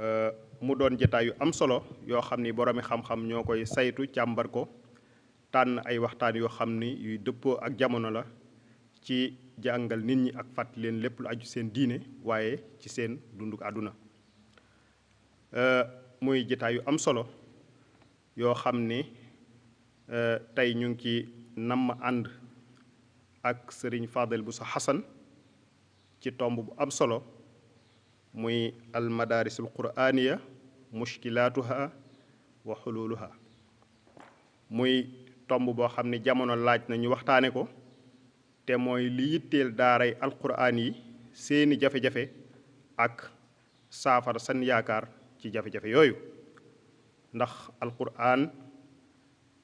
Euh, mu doon jataay yu am solo yoo xam ni boroomi xam-xam ñoo koy saytu càmbarko ko tànn ay waxtaan yoo xam ni yuy dëppoo ak jamono la ci jàngal nit ñi ak fàttali lépp lu aju seen diine waaye ci seen dunduk àdduna euh, muy jataay yu am solo yoo xam ni euh, tey ñu ngi ci namm ànd ak sëriñ Fadel bu sa Xasan ci tomb bu am solo muy almadaarisul quraaniya mushkilaatuha wa xuluuluha muy tomb boo xam ne jamono laaj na ñu waxtaane ko te mooy li yitteel daaray alquraan yi seeni jafe-jafe ak saafara seen yaakaar ci jafe-jafe yooyu ndax alquraan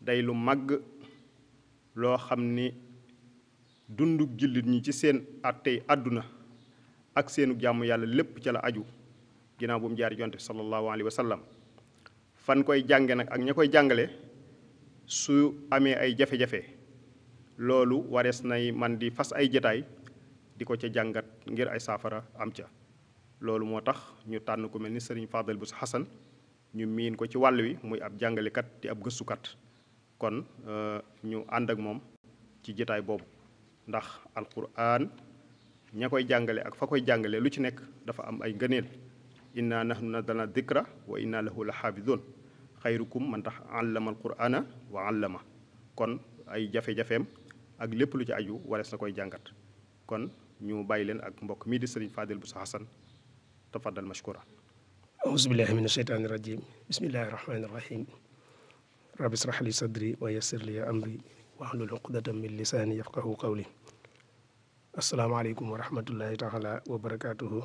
day lu mag loo xam ni dunduk jullit ñi ci seen àttey àdduna ak seenu jàmm yàlla lépp ca la aju ginnaaw bu mu jaar yonte bi sallallahu alayhi wa sallam fan koy jànge nag ak ña koy jàngale su amee ay jafe-jafe loolu warees nay man di fas ay jataay di ko ca jàngat ngir ay saafara am ca loolu moo tax ñu tànn ko mel ni sëriñ Fadal bu Xasan ñu miin ko ci wàll wi muy ab jàngalekat di ab gëstukat kon euh, ñu ànd ak moom ci jataay boobu ndax alquran ña koy jàngale ak fa koy jàngale lu ci nekk dafa am ay ngëneel inna nahnu nazzalna dikra wa inna lahu la xaafidun xayrukum man tax allama alqurana wa allama kon ay jafe-jafeem ak lépp lu ci aju warees na koy jàngat kon ñu bàyyi leen ak mbokk mii di sëriñ Fadel Bousso Hassane tafaddal mashkura auzu billahi min asheytaani rajim bismillahi rahmaani rahim rabbi israh li sadri wa yassir li amri wahlul uqdatan min lisaani yafqahu qawli asalaamaaleykum wa rahmatullahi taala wa barakaatuhu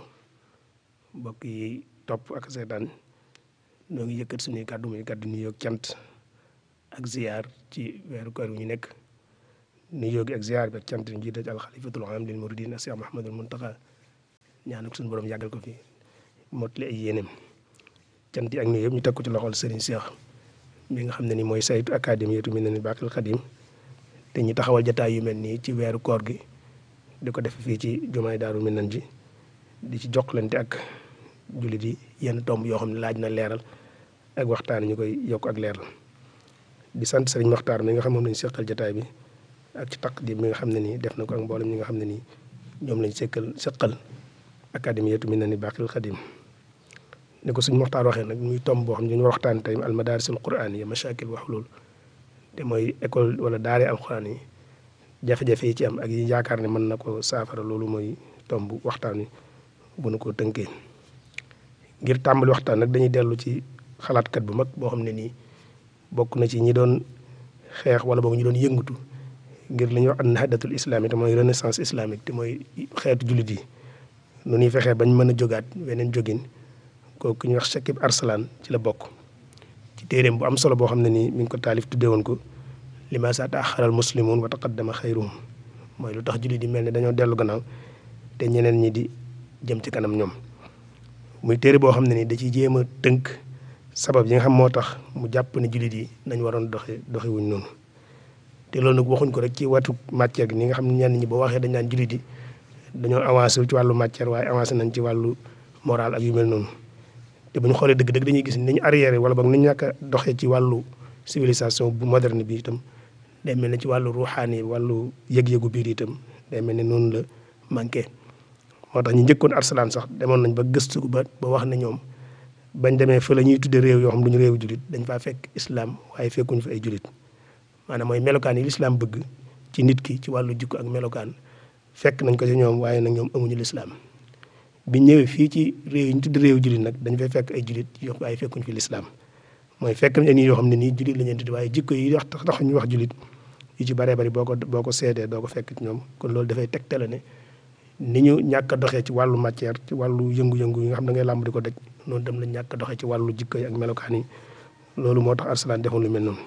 yi topp ak seetaan ñoo ngi yëkkat suñuy kàddu muy kàddu nuyoo cant ak ziar ci weeru koor wi ñu nekk nuyoo gi ak ziar bi ak cant ñu jiite ci alxalifatul aam lil muridin Cheikh Mouhamadul Mountakha ñaan ak suñu borom yàggal ko fi motali ay yéeneem cant yi ñu teg ko ci loxol Serigne Cheikh mi nga xam ne ni mooy saytu académie yëtu mi ne ni Bakal Xadim te ñu taxawal jataay yu mel nii ci weeru koor gi. di ko def fii ci jumaay daaru minan ji di ci jokkalante ak jullit yi yenn tomb yoo xam ne laaj na leeral ak waxtaan ñu koy yokk ak leeral di sant sëriñ Maxtaar mi nga xam moom seqal jataay bi ak ci taqdim bi nga xam ne ni def na ko ak mboolem ñi nga xam ne nii ñoom lañ seqal seqal académiyatu Minani Baqil Xadim ni ko suñ Maxtaar waxee nag muy tomb boo xam ne ñu waxtaan tey almadarisul quraan yi mashakil wax loolu te mooy école wala al alquran yi jafe-jafe yi ci am ak yi yaakaar ne mën na ko saafara loolu mooy tomb waxtaan wi bu nu ko tënkee ngir tàmbali waxtaan nag dañuy dellu ci xalaatkat bu mag boo xam ne nii bokk na ci ñi doon xeex wala boog ñu doon yëngatu ngir li ñuy wax annahdatul islami te mooy renaissance islamique te mooy xeetu jullit yi nu ñuy fexee bañ mën a jogaat weneen jógin kooku ñuy wax Chakib arsalaan ci la bokk ci téeréem bu am solo boo xam ne nii mu ngi ko taalif tuddee woon ko lima sa taaxaral muslimun wa taqaddama xayruhum mooy lu tax jullit yi mel ni dañoo dellu gannaaw te ñeneen ñi di jëm ci kanam ñoom muy téere boo xam ne ni da ciy jéem a tënk sabab yi nga xam moo tax mu jàpp ne yi nañ waroon doxe doxewuñ noonu te loolu nag waxuñ ko rek ci wàttu matier gi ni nga xam ne ñenn ñi boo waxee dañ naan jullit yi dañoo avancé ci wàllu matière waaye avancé nañ ci wàllu moral ak yu mel noonu te bu ñu xoolee dëgg-dëgg dañuy gis ni ñu arrière wala boog ni ñu ñàkk doxee ci wàllu civilisation bu moderne bi itam day mel ne ci wàllu ruuxaani wàllu yëg-yëgu biir itam day mel ne noonu la manqué moo tax ñu njëkkoon arsalaan sax demoon nañ ba gëstu ba ba wax ne ñoom bañ demee fa la ñuy tudde réew yoo xam duñu réewu julit dañ faa fekk islam waaye fekkuñu fa ay maanaam mooy melokaan yi lislaam bëgg ci nit ki ci wàllu jikko ak melokaan fekk nañ ko ci ñoom waaye nañ ñoom amuñu lislaam bi ñëwee fii ci réew yi ñu tudde réewu julit nag dañ fay fekk ay julit yoo waaye fekkuñu fi lislaam mooy fekk nañ yoo xam ne nii julit lañ leen waaye jikko yi wax tax tax ñu wax julit yi ci bare bari boo ko boo ko seedee doo ko fekk ci ñoom kon loolu dafay tegtale ne ni ñu ñàkk a doxee ci wàllu matière ci wàllu yëngu-yëngu yi nga xam da ngay làmb di ko deg noonu dem la ñàkk a doxee ci wàllu jikko yi ak melokaan yi loolu moo tax Arsalan defoon lu mel noonu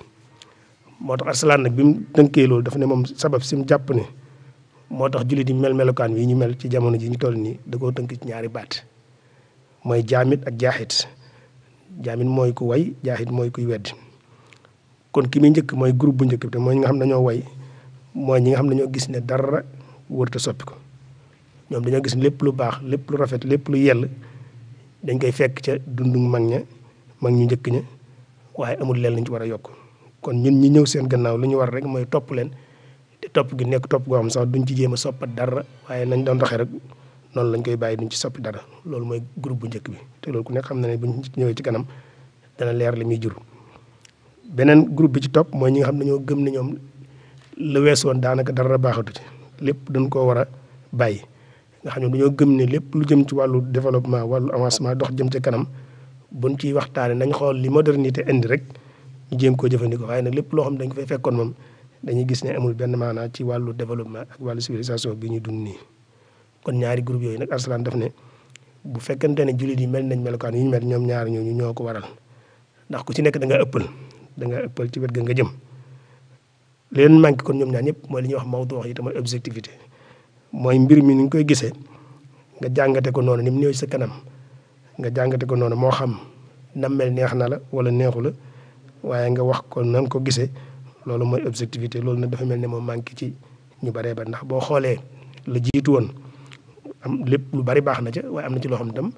moo tax Arsalan nag bi mu dënkee loolu dafa ne moom sabab si mu jàpp ne moo tax jullit yi mel melokaan wi ñu mel ci jamono ji ñu toll nii dakoo koo tënk ci ñaari baat mooy jaamit ak jaaxit jaamit mooy ku way jaaxit mooy kuy wedd kon ki muy njëkk mooy groupe bu njëkk bi te mooy ñi nga xam ne dañoo way mooy ñi nga xam ne dañoo gis ne dara wërta soppi ko ñoom dañoo gis ne lépp lu baax lépp lu rafet lépp lu yell dañ koy fekk ca dundu mag ña mag ñu njëkk ña waaye amul leen lañ ci war a yokk kon ñun ñi ñëw seen gannaaw ñu war rek mooy topp leen te topp gi nekk topp goo xam sax duñ ci a soppat dara waaye nañ doon doxee rek noonu lañ koy bàyyi duñ ci soppi dara loolu mooy groupe bu njëkk bi te loolu ku nekk xam na ne buñ ñëwee ci kanam dana leer la muy jur beneen groupe bi ci topp mooy ñi nga xam ne ñoo gëm ne ñoom lu weesu woon daanaka dara baaxatu ci lépp dañ koo war a bàyyi. nga xam ne dañoo gëm ne lépp lu jëm ci wàllu développement wàllu avancement dox jëm ci kanam buñ ciy waxtaanee nañ xool li modernité indi rek ñu jéem koo jëfandikoo waaye nag lépp loo xam ne dañ fay fekkoon moom dañuy gis ne amul benn maanaa ci wàllu développement ak wàllu civilisation bi ñu dund nii. kon ñaari groupe yooyu nag Arslan def ne bu fekkente ne jullit yi mel nañ melokaan yi ñu mel ñoom ñaar ñu ñoo ko waral ndax ku ci nekk da ëppal da nga ëppal ci wet ga nga jëm leen manqué kon ñoom ñaar ñëpp mooy lañuy wax mawdu wax yi mooy objectivité mooy mbir mi ni ñu koy gisee nga jàngate ko noonu ni mu sa kanam nga jàngate ko noonu moo xam nam mel neex na la wala neexu la waaye nga wax ko na ko gisee loolu mooy objectivité loolu nag dafa mel ne moom manqué ci ñu baree ba ndax boo xoolee la jiitu woon am lépp lu bari baax na ca waaye am na ci loo xam ne tam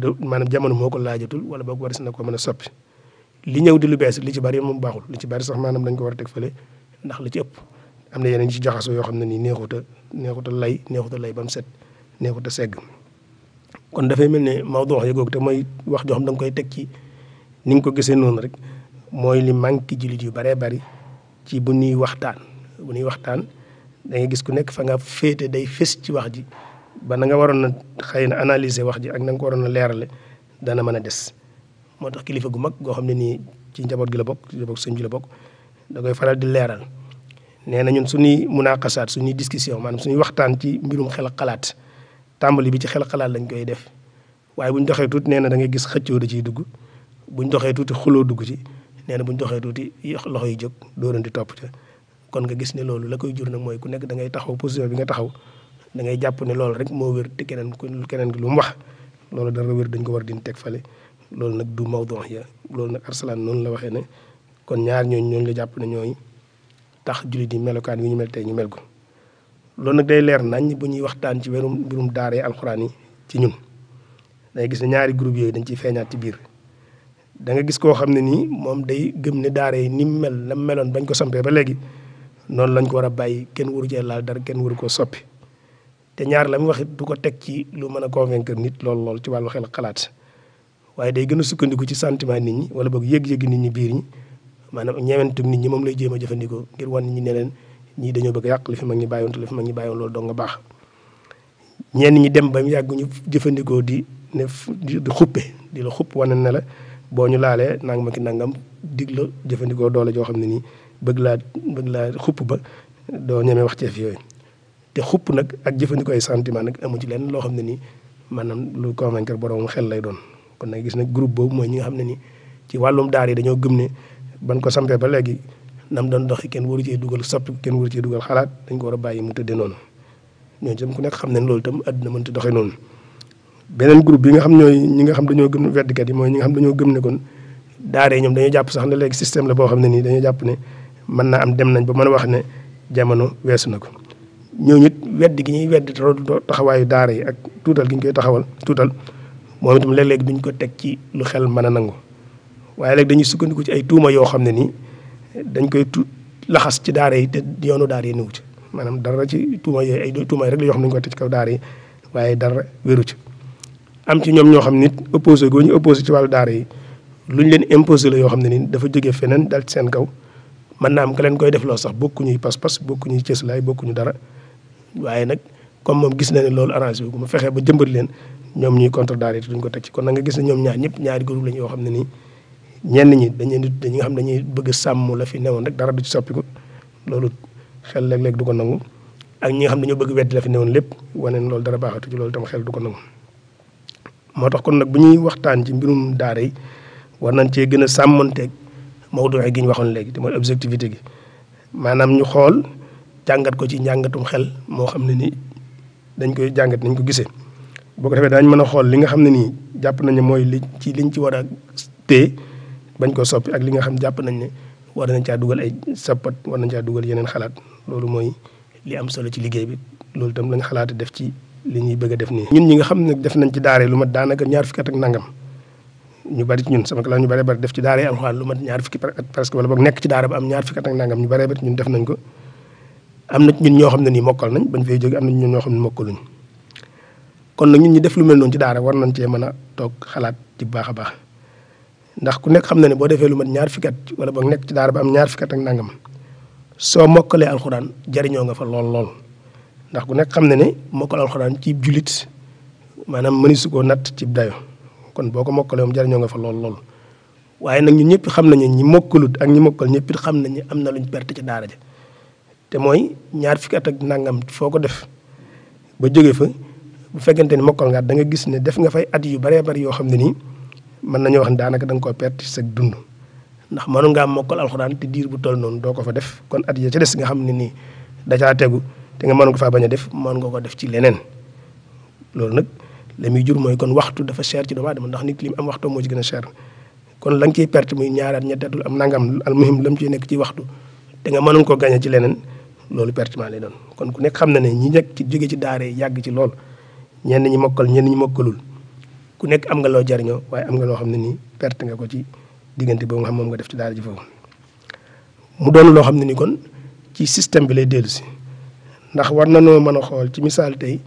du maanaam jamono moo ko laajatul wala boog si na ko mën a soppi li ñëw di lu bees li ci bari moom baaxul li ci bari sax maanaam dañ ko war a teg fële ndax li ci ëpp am na yeneen ci jaxasoo yoo xam ne nii neexut a lay neexut lay ba mu set neexut a segg kon dafay mel ne Maodo wax yëgoog te mooy wax joo xam koy teg ci ni ko gisee noonu rek mooy li manque jullit yu baree bari ci bu ñuy waxtaan bu ñuy waxtaan danga gis ku nekk fa nga féete day fés ci wax ji ba na nga waroon na xëy na analyser wax ji ak na nga ko waroon a leerale dana mën a des moo tax kilifa gu mag goo xam ne nii ci njaboot gi la bokk njaboot sëñ gi la bokk da koy faral di leeral nee na ñun suñuy munaqasaat suñuy discussion maanaam suñuy waxtaan ci mbirum xel xalaat tàmbali bi ci xel xalaat lañ koy def waaye bu ñu doxee tuuti nee na da ngay gis xëccoo da ciy dugg bu ñu doxee tuuti xuloo dugg ci nee na bu ñu doxee tuuti loxo yi jóg di topp ca kon nga gis ne loolu la koy jur na mooy ku nekk da ngay taxaw position bi nga taxaw dangay jàpp ne loolu rek moo wér te keneen ku keneen gi lu mu wax loolu dara wér dañ ko war di teg fale loolu nag du mawdon ya loolu nag arsalaan noonu la waxee ne kon ñaar ñooñu ñooñu la jàpp ne ñooy tax jullit yi melokaan wi ñu mel tey ñu mel ko loolu nag day leer nañ bu ñuy waxtaan ci werum mbirum daaree alxuraan yi ci ñun day gis ñaari groupe yooyu dañ ciy feeñaat ci biir da nga gis koo xam ne nii moom day gëm ne daara yi ni mu mel na meloon bañ ko sompee ba léegi noonu lañ ko war a bàyyi kenn waru cee laal dara kenn waru koo soppi te ñaar la mu wax it du ko teg ci lu mën a convaincre nit lool lool ci wàllu xel xalaat waaye day gën a sukkandiku ci sentiment nit ñi wala boog yëg-yëg nit ñi biir ñi maanaam ñeewentum nit ñi moom lay jéem a jëfandikoo ngir wan ñi ne leen ñii dañoo bëgg yàq li fi mag ñi bàyyoon te li fi mag ñi bàyyoon dem ba mu yàgg jëfandikoo di ne di di la xupp wane ne la boo ñu laalee nangam ak nangam dig jëfandikoo doole joo xam ne nii bëgg laa bëgg laa xupp ba doo ñemee wax ceef yooyu te xupp nag ak jëfandikoo ay sentiment nag amu ci lenn loo xam ne nii maanaam lu convaincre borom xel lay doon kon nag gis nag groupe boobu mooy ñi nga xam ne ni ci wàllum daar dañoo gëm ne ban ko sampee ba léegi nam doon doxi kenn waru cee dugal soppi kenn waru cee dugal xalaat dañ ko a bàyyi mu tëddee noonu ñooñu tam ku nekk xam ne loolu tam àdduna mënta doxee noonu beneen groupe bi nga xam ñooy ñi nga xam dañoo gëm ne weddikat yi mooy ñi nga xam dañoo gëm ne kon daaree ñoom dañoo jàpp sax ne léegi système la boo xam ne nii dañoo jàpp ne mën naa am dem nañ ba mën a wax ne jamono weesu na ko ñooñu it wedd gi ñuy wedd taxawaayu daare yi ak tuutal gi ñu koy taxawal tuutal moom itam léeg-léeg duñ ko teg ci lu xel mën a nangu waaye léegi dañuy sukkandiku ci ay tuuma yoo xam ne nii dañ koy tu laxas ci daara yi te yoonu daara yi niwu ci maanaam dara ci tuuma yooyu ay tuuma rek la yoo xam ne dañ koy ci kaw daara yi waaye dara wéru ci am ci ñoom ñoo xam nit opposé goo ñu opposé ci wàllu daara yi lu ñu leen imposé la yoo xam ne ni dafa jógee feneen dal ci seen kaw mën naa am ka leen koy def defloo sax bokku ñuy bokkuñuy pas-pas bokkuñuy cëslaay ñu dara waaye nag comme moom gis na ne loolu arrangé wu mu fexe ba jëmbat leen ñoom ñuy contre daal duñ ko teg ci kon na nga gis ne ñoom ñaar ñëpp ñaari groupe lañ yoo xam ne nii ñenn ñi dañuy dañuy nga xam dañuy bëgg sàmm la fi newoon rek dara du ci soppiku loolu xel léeg-léeg du ko nangu ak ñi nga xam dañoo bëgg wedd la fi newoon lépp wane loolu dara baaxatu ci loolu tam xel du ko nangu moo tax kon nag bu ñuy waxtaan ci mbirum daara yi war nañ cee gën a sàmmanteeg mawdu gi ñu waxoon léegi te mooy objectivité gi maanaam ñu xool jàngat ko ci njàngatum xel moo xam ne ni dañ koy jàngat nañ ko gisee boo ko defee daañ mën a xool li nga xam ne nii jàpp nañ mooy li ci liñ ci war a téye ko soppi ak li nga xam jàpp nañ ne war nañ caa dugal ay sappat war nañ caa dugal yeneen xalaat loolu mooy li am solo ci liggéey bi loolu itam lañ xalaat def ci li ñuy bëgg a xam ne def nañ ci daaree lu mat daanaka ñaar fukki at ak nangam ñu bari ci ñun sama classe ñu def ci daaree alxuraan lu mat ñaar fukki at presque wala boog nekk ci daara am ñaar fukki at ak nangam ñu bari bari ñun def nañ ko am na ñun ñoo xam ne nii mokkal nañ bañ fay jóge am na ñun ñoo xam ne mokkaluñ kon nag ñun ñu def lu mel noonu ci daara war nañ cee mën a toog xalaat ci baax a baax ndax ku nekk xam na ne boo defee lu mat ñaar fukki wala boog nekk ci daara am ñaar ak nangam soo mokkalee alxuraan jariñoo nga fa lool lool. ndax ku nekk xam na ne mokkal alxuraan ci jullit maanaam mënisu koo natt ci kon boo ko mokkalee jariñoo nga fa lool lool. waaye nag ñun ñëpp xam nañu ñi mokkalut ak ñi mokkal ñëpp it xam nañu am na luñ perte ci daara ji te mooy ñaar fukki at ak nangam foo ko def ba jóge fa bu fekkente ni mokkal nga da nga gis ne def nga fay at yu baree bari yoo xam ne nii mën nañoo wax ne daanaka danga nga koo perte sa dund. ndax mënu ngaa mokkal alxuraan te diir bu toll noonu doo ko fa def kon at ya ca des nga xam ne nii dacaa tegu te nga mën ko faa bañ a def mën nga ko def ci leneen loolu nag la muy jur mooy kon waxtu dafa cher ci doomu aadama ndax nit li am waxtoo moo ci gën a cher kon la nga ciy perte muy ñaaraat ñetteetul am nangam al muhim mu ciy nekk ci waxtu te nga mënu ko gañe ci leneen loolu pertement lay doon kon ku nekk xam na ne ñi nekk ci jóge ci daara yi yàgg ci lool ñenn ñi mokkal ñenn ñi mokkalul ku nekk am nga loo jariñoo waaye am nga loo xam ne nii perte nga ko ci diggante boobu nga moom nga def ci daara ji foofu. mu doon loo xam ne ni kon ci système bi lay dellu si ndax war na noo mën a xool ci misaal tey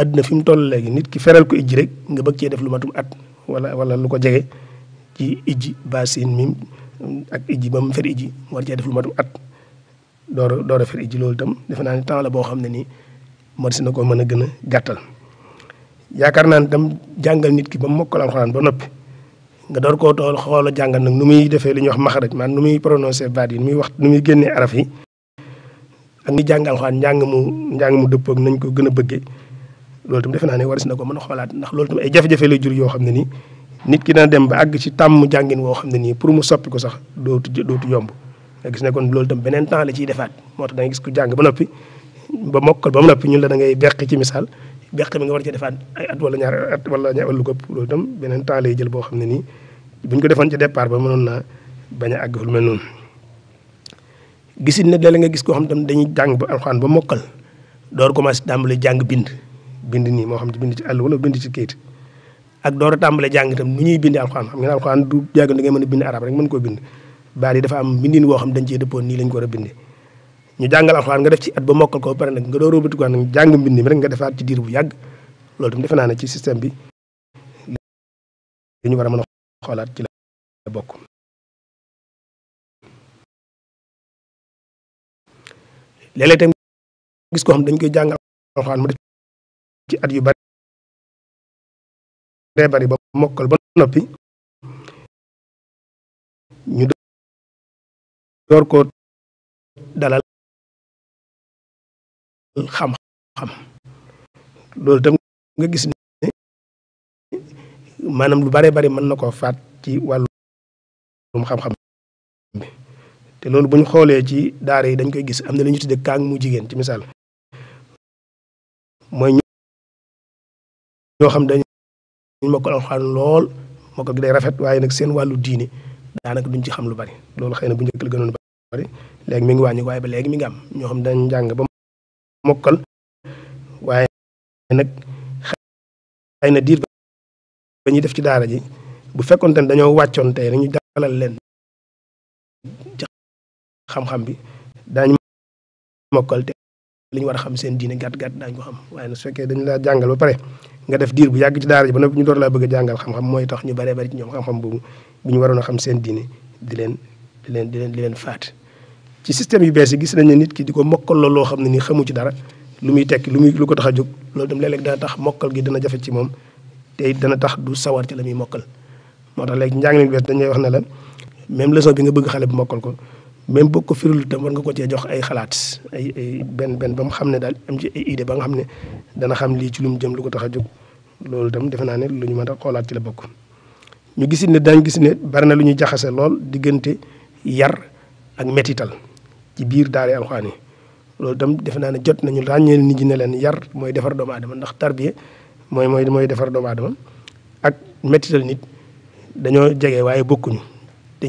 àdduna fi mu toll léegi nit ki feral ko ijji rek nga bëgg cee def lu matum at wala wala lu ko jege ci ijji basin mim ak ijji ba mu fer ijji cee def lu matum at. door a door a loolu itam defe naa ni temps la boo xam ne nii mat na ko mën gën a gàttal. yaakaar naa ne itam jàngal nit ki ba mu mokkal alxuraan ba noppi nga door koo tool xoola jàngal nag nu muy defee li ñuy wax maxaraj maanaam nu muy prononcé baat yi muy wax nu muy génnee araf yi. ak ni njàng mu njàng mu dëppoog nañ ko gën a bëggee loolu itam naa ne waris na ko mën a xoolaat ndax loolu itam ay jafe-jafe lay jur yoo xam ne nii. nit ki dana dem ba àgg ci tàmm jàngin woo xam ne nii pour mu soppi ko sax dootu dootu yomb nga gis ne kon loolu tam beneen la ciy defaat moo tax da nga gis ku jàng ba ba mokkal ba mu noppi la da ngay beq ci misaal beq bi nga war defaat ay wala ñaar at wala ñaar ëllëg ëpp loolu lay jël boo xam ne nii buñ ko defoon ci départ ba mënoon naa bañ a àgg fu mel noonu. gisin ne léeg nga gis koo xam tam dañuy jàng ba alxaan ba mokkal door commencé tàmbale jàng bind bind nii moo xam ne bind ci àll wala bind ci kayit ak door a tàmbale jàng itam nu ñuy bind alxaan xam ngeen alxaan du jàng da ngay a bind arab rek mën koo bind baat yi dafa am bindin woo xam dañ cee dëppoon nii lañ ko war a bindee ñu jàngal alxuraan nga def ci at ba mokkal ko ba pare nag nga door a wëlbatikuwaat rek nga defaat ci bu yàgg defe naa ci système bi li ñu xoolaat ci la bokk. léeg xam dañ koy jàngal at yu bari bari ba mokkal ba noppi ñu door ko dalal xam-xam loolu tam nga gis ne maanaam lu bare bare mën na koo faat ci wàllum xam-xam te loolu buñ xoolee ci daara yi dañ koy gis am na lu ñu tudde kaang mu jigéen ci misaal mooy ñoo xam dañu mokkal alxuraan lool mokkal gi day rafet waaye nag seen wàllu diine daanaka duñ ci xam lu bari loolu xëy na bu njëkk la gënoon léegi mi ngi wàññi waaye ba léegi mi ngi am ñoo xam dañ jàng ba mokkal waaye nag xëy na diir def ci daara ji bu fekkoon ne dañoo wàccoon tey dañu dalal leen ci xam bi daañu te li ñu war a xam seen diine gàtt-gàtt daañu ko xam waaye nag su fekkee dañu laa jàngal ba pare nga def diir bu yàgg ci daara ji ba noppi ñu door laa bëgg a jàngal xam-xam mooy tax ñu bare bari ci ñoom xam-xam boobu bu ñu waroon xam seen diine di leen di leen di leen di leen faat ci système yu bees yi gis nañ ne nit ki di ko mokkal loolu loo xam ne ni xamu ci dara lu muy tekk lu muy lu ko tax a jóg loolu itam léeg-léeg dana tax mokkal gi dana jafe ci moom te it dana tax du sawar ci la muy mokkal moo tax léegi njàng mi bees wax ne la même leçon bi nga bëgg xale bi mokkal ko même boo ko firul tam war nga ko cee jox ay xalaat ay benn benn ba mu xam ne daal am ci ay idée ba nga xam ne dana xam lii ci lu mu jëm lu ko tax a jóg loolu itam defe naa ne lu ñu mën a xoolaat ci la bokk ñu gis ne daañu gis ne bari na lu ñuy jaxase lool diggante yar ak metital ci biir daara alxuraan loolu itam defe naa ne jot nañu ràññeel nit ñi ne leen yar mooy defar doomu aadama ndax tarbiya mooy mooy mooy defar doomu ak mettital nit dañoo jege waaye bokkuñu te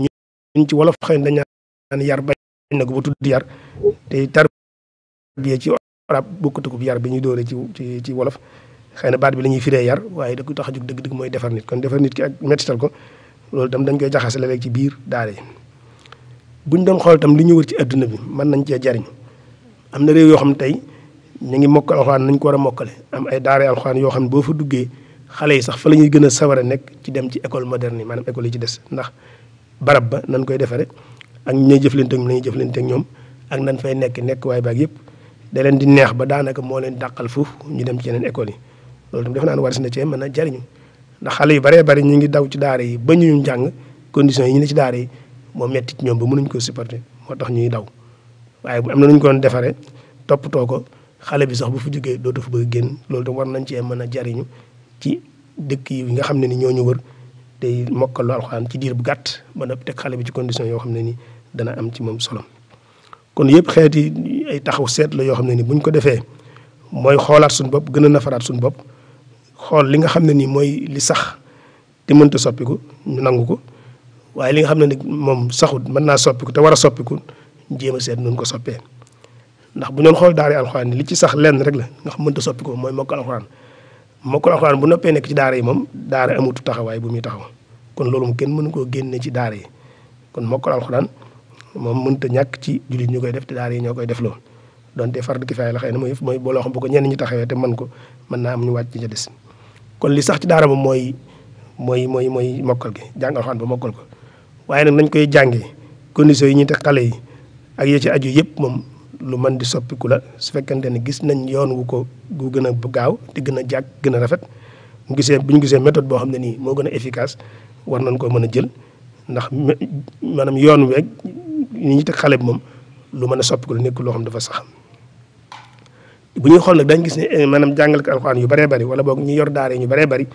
ci wolof xëy dañ naan yar bañ na ko ba tudd yar te tarbiya ci arab bokkatu ko yar bi ñuy dóore ci ci ci wolof xëy na baat bi la ñuy firee yar waaye da ko tax a jug dëgg-dëgg mooy defar nit kon defar nit ki ak mettital ko loolu itam dañ koy jaxase léeg ci biir daara bu ñu doon xool itam li ñu wër ci àdduna bi mën nañ cee jariñ am na réew yoo xam ne tey ñu ngi mokkal alxuraan nañ ko war a mokkale am ay daara alxuraan yoo xam ne boo fa duggee xale yi sax fa la ñuy gën a saware nekk ci dem ci école moderne yi maanaam école yi ci des ndax barab ba nan koy defaree ak ñi jëf jëflante ak ñoom la ak ñoom ak nan fay nekk nekk waaye baag yëpp da leen di neex ba daanaka moo leen daqal foofu ñu dem ci yeneen école yi loolu tam defe naa ne na cee mën a jariñu ndax yu baree bari ñu ngi daw ci daara yi ba ñu njàng conditions yi ñu ci daara yi moo mettit ci ñoom ba nañ koo supporter moo tax ñuy daw waaye am na nu ñu ko doon defaree toppatoo ko xale bi sax bu fu jógee dootu fa bëgg génn loolu tam war nañ cee mën a jariñu ci dëkk yi nga xam ne ni ñoo ñu wër tey mokkalu alxuraan ci diir bu gàtt ba noppi teg xale bi ci condition yoo xam ne ni dana am ci moom solo kon yëpp xeeti ay taxaw seet yoo xam ne ni buñ ko defee mooy xoolaat suñu bopp gën a nafaraat suñu bopp xool li nga xam ne nii mooy li sax te mënta soppiku ñu nangu ko waaye li nga xam ne nag moom saxut mën naa soppiku te war a soppiku jéem a seet nun ko soppee ndax bu ñoon xool daar alxuraan ni li ci sax lenn rek la nga xam mënta soppiku mooy mokkal alxuraan mokkal alxuraan bu noppee nekk ci daara yi moom daara amutu taxawaay bu muy taxaw kon loolu mu kenn mënu koo génne ci daara yi kon mokkal alxuraan moom mënta ñàkk ci jullit ñu koy def te daara yi ñoo koy def donte fard kifaaya la xëy na mooy mooy booloo xam bu ko ñenn ñi taxawee te mën ko mën naa am ñu wàcc ca des kon li sax ci daara moom mooy mooy mooy mooy mokkal gi jàng alxuraan ba mokkal ko waaye nag nañ koy jàngee conditions yi ñuy teg xale yi ak ya ci aju yëpp moom lu mën di soppiku la su fekkante ne gis nañ yoon wu ko gu gën a bu gaaw te gën a jàkk gën a rafet mu gisee bu ñu gisee méthode boo xam ne nii moo gën a efficace war nañ koo mën a jël ndax maanaam yoon weeg ni ñu teg xale bi moom lu mën a soppiku la nekk loo xam dafa sax bu ñuy xool nag dañ gis ne eh, maanaam jàngal ko alxuraan yu baree bari wala boog ñu yor daara ñu baree bari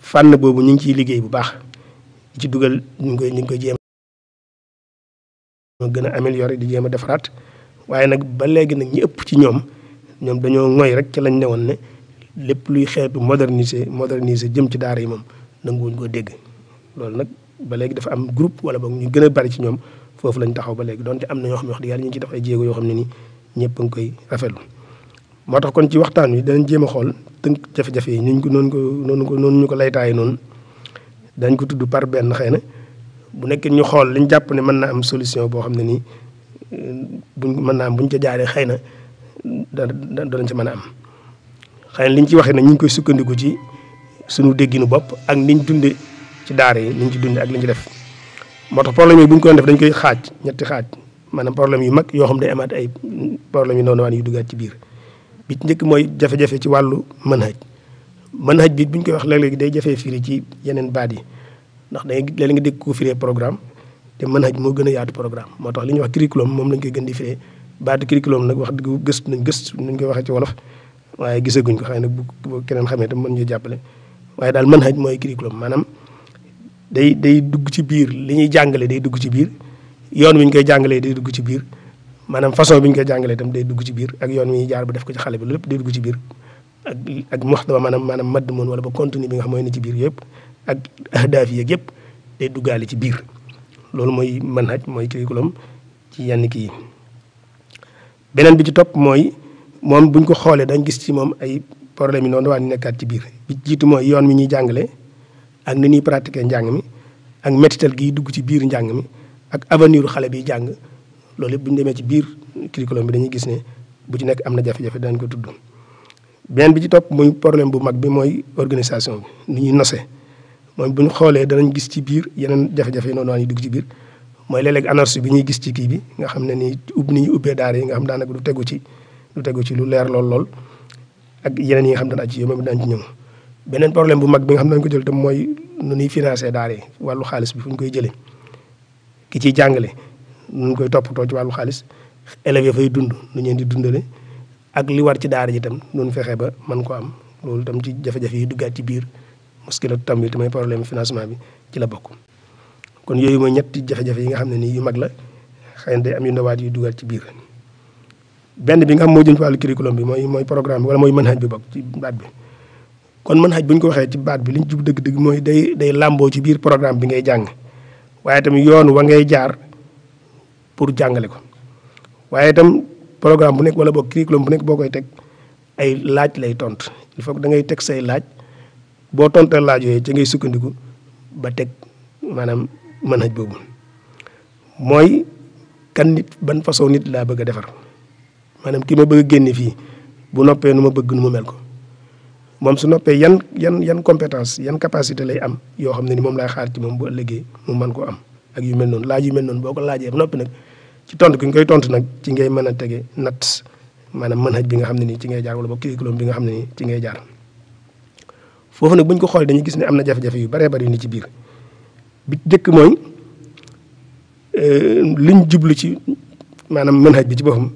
fànn boobu ñu ngi ciy liggéey bu baax ci dugal ñu ñu ngi koy jéem a gën a améliorer di jéem a defaraat waaye nag ba léegi nag ñu ëpp ci ñoom ñoom dañoo mooy rek ca lañ ne woon ne lépp luy xeetu moderniser moderniser jëm ci daar yi moom nanguwuñ ko dégg loolu nag ba léegi dafa am groupe wala boog ñu gën a bari ci ñoom foofu lañ taxaw ba léegi donte am na ñoo xam ne wax dëgg yàlla ñu ngi ci def ay jéego yoo xam ne nii ñëpp a ngi koy rafetlu moo tax kon ci waxtaan wi dañ jéem a xool tënk jafe-jafe yi ñu ko noonu ko noonu ko noonu ñu ko laytaayi noonu dañ ko tudd par benn xëy na bu nekkee ñu xool liñ jàpp ne mën na am solution boo xam ne nii euh, buñ mën naa am buñ ca jaaree xëy na da danañ ci mën a am xay na liñ ci waxee na ñu koy sukkandiku ci suñu dégginu bopp ak niñ dunde ci daara yi liñ ci dunde ak liñ ci def moo tax problème yi buñ ñu koy def dañ koy xaaj ñetti xaaj maanaam problème yu mag yoo xam day amaat ay problème yu noonu waan yu duggaat ci biir bi ci njëkk mooy jafe-jafe ci wàllu mën haj manhaj bi bu ñu koy wax léeg-léeg day jafee firi ci yeneen baat yi ndax day léeg nga dégg ko firee programme te manhaj moo gën a yaatu programme moo tax li ñuy wax curriculum moom lañ koy gën di firee baatu curriculum nag wax dëgg gëstu nañ gëstu nuñ koy waxee ci wolof waaye gisaguñ ko xëy na bu keneen xamee tam mën ñu jàppale waaye daal manhaj mooy curriculum maanaam day day dugg ci biir li ñuy jàngale day dugg ci biir yoon wi ñu koy jàngalee day dugg ci biir maanaam façon bi ñu koy jàngalee itam day dugg ci biir ak yoon wi ñuy jaar ba def ko ci xale bi lépp day dugg ci biir ak ak muxtawa maanaam maanaam madd moon wala ba contenu bi nga xam mooy ne ci biir yëpp ak ahdaaf yeeg yëpp day duggaale ci biir loolu mooy manhaj mooy curriculum ci yenn kii beneen bi ci topp mooy moom buñ ko xoolee dañ gis ci moom ay problème yi noonu dawaa ni nekkaat ci biir jiitu mooy yoon mi ñuy jàngale ak ni ñuy pratiquer njàng mi ak métital gi dugg ci biir njàng mi ak avenir xale bi jàng loolu yëpp bu ñu demee ci biir curriculum bi dañuy gis ne bu ci nekk am na jafe-jafe danañ ko tudd beneen bi ci topp muy problème bu mag bi mooy organisation bi ni ñuy nose moom bu ñu xoolee danañ gis ci biir yeneen jafe noonu yi noonu dugg ci biir mooy léeg-léeg bi ñuy gis ci kii bi nga xam ne nii ub ni ñu ubbee daara yi nga xam daanaka du tegu ci du tegu ci lu leer lool lool ak yeneen yi nga xam dana ci yow moom daan ci ñëw beneen problème bu mag bi nga xam ne dañ ko jël tam mooy nu ñuy financé daara wàllu xaalis bi fu ñu koy jëlee ki ciy jàngale nu ñu koy toppatoo ci wàllu xaalis élèves ya fay dund nu ñeen di dundale ak li war ci daara ji tam noonu fexe ba man ko am loolu tam ci jafe-jafe yi duggaat ci biir muskila tam bi tam yi tamay problème financement bi ci la bokk. kon yooyu mooy ñetti jafe-jafe yi nga xam ne nii yu mag la xëy na day am yu ndawaat yu duggaat ci biir benn bi nga xam moo jëm ci wàllu bi mooy mooy programme bi wala mooy manhaj baat bi. kon manhaj bu ñu ko waxee ci baat bi li jub dëgg-dëgg mooy day day làmboo ci biir programme bi ngay jàng waaye itam yoon wa ngay jaar pour jàngale ko waaye itam programme bu nekk wala boog curriculum bu nekk boo koy teg ay laaj lay tontu il faut que da ngay teg say laaj boo tontee laaj yooyu ci ngay sukkandiku ba teg maanaam manhaj boobu mooy kan nit ban façon nit laa bëgg a defar maanaam ki ma bëgg a génne fii bu noppee nu ma bëgg nu mu mel ko moom su noppee yan yan yan compétence yan capacité lay am yoo xam ne ni moom laay xaar ci moom bu ëllëgee mu mën ko am ak yu mel noonu laaj yu mel noonu boo ko laajee ba noppi nag ci tontu ki ñu koy tontu nag ci ngay mën a tege natt maanaam manhaj bi nga xam ne nii ci ngay jaar wala ba curriculum bi nga xam ne nii ci ngay jaar foofu nag bu ko xoolee dañuy gis ne am na jafe yu baree bari yu ci biir bi njëkk mooy euh, liñ jublu ci maanaam manhaj bi ci boppam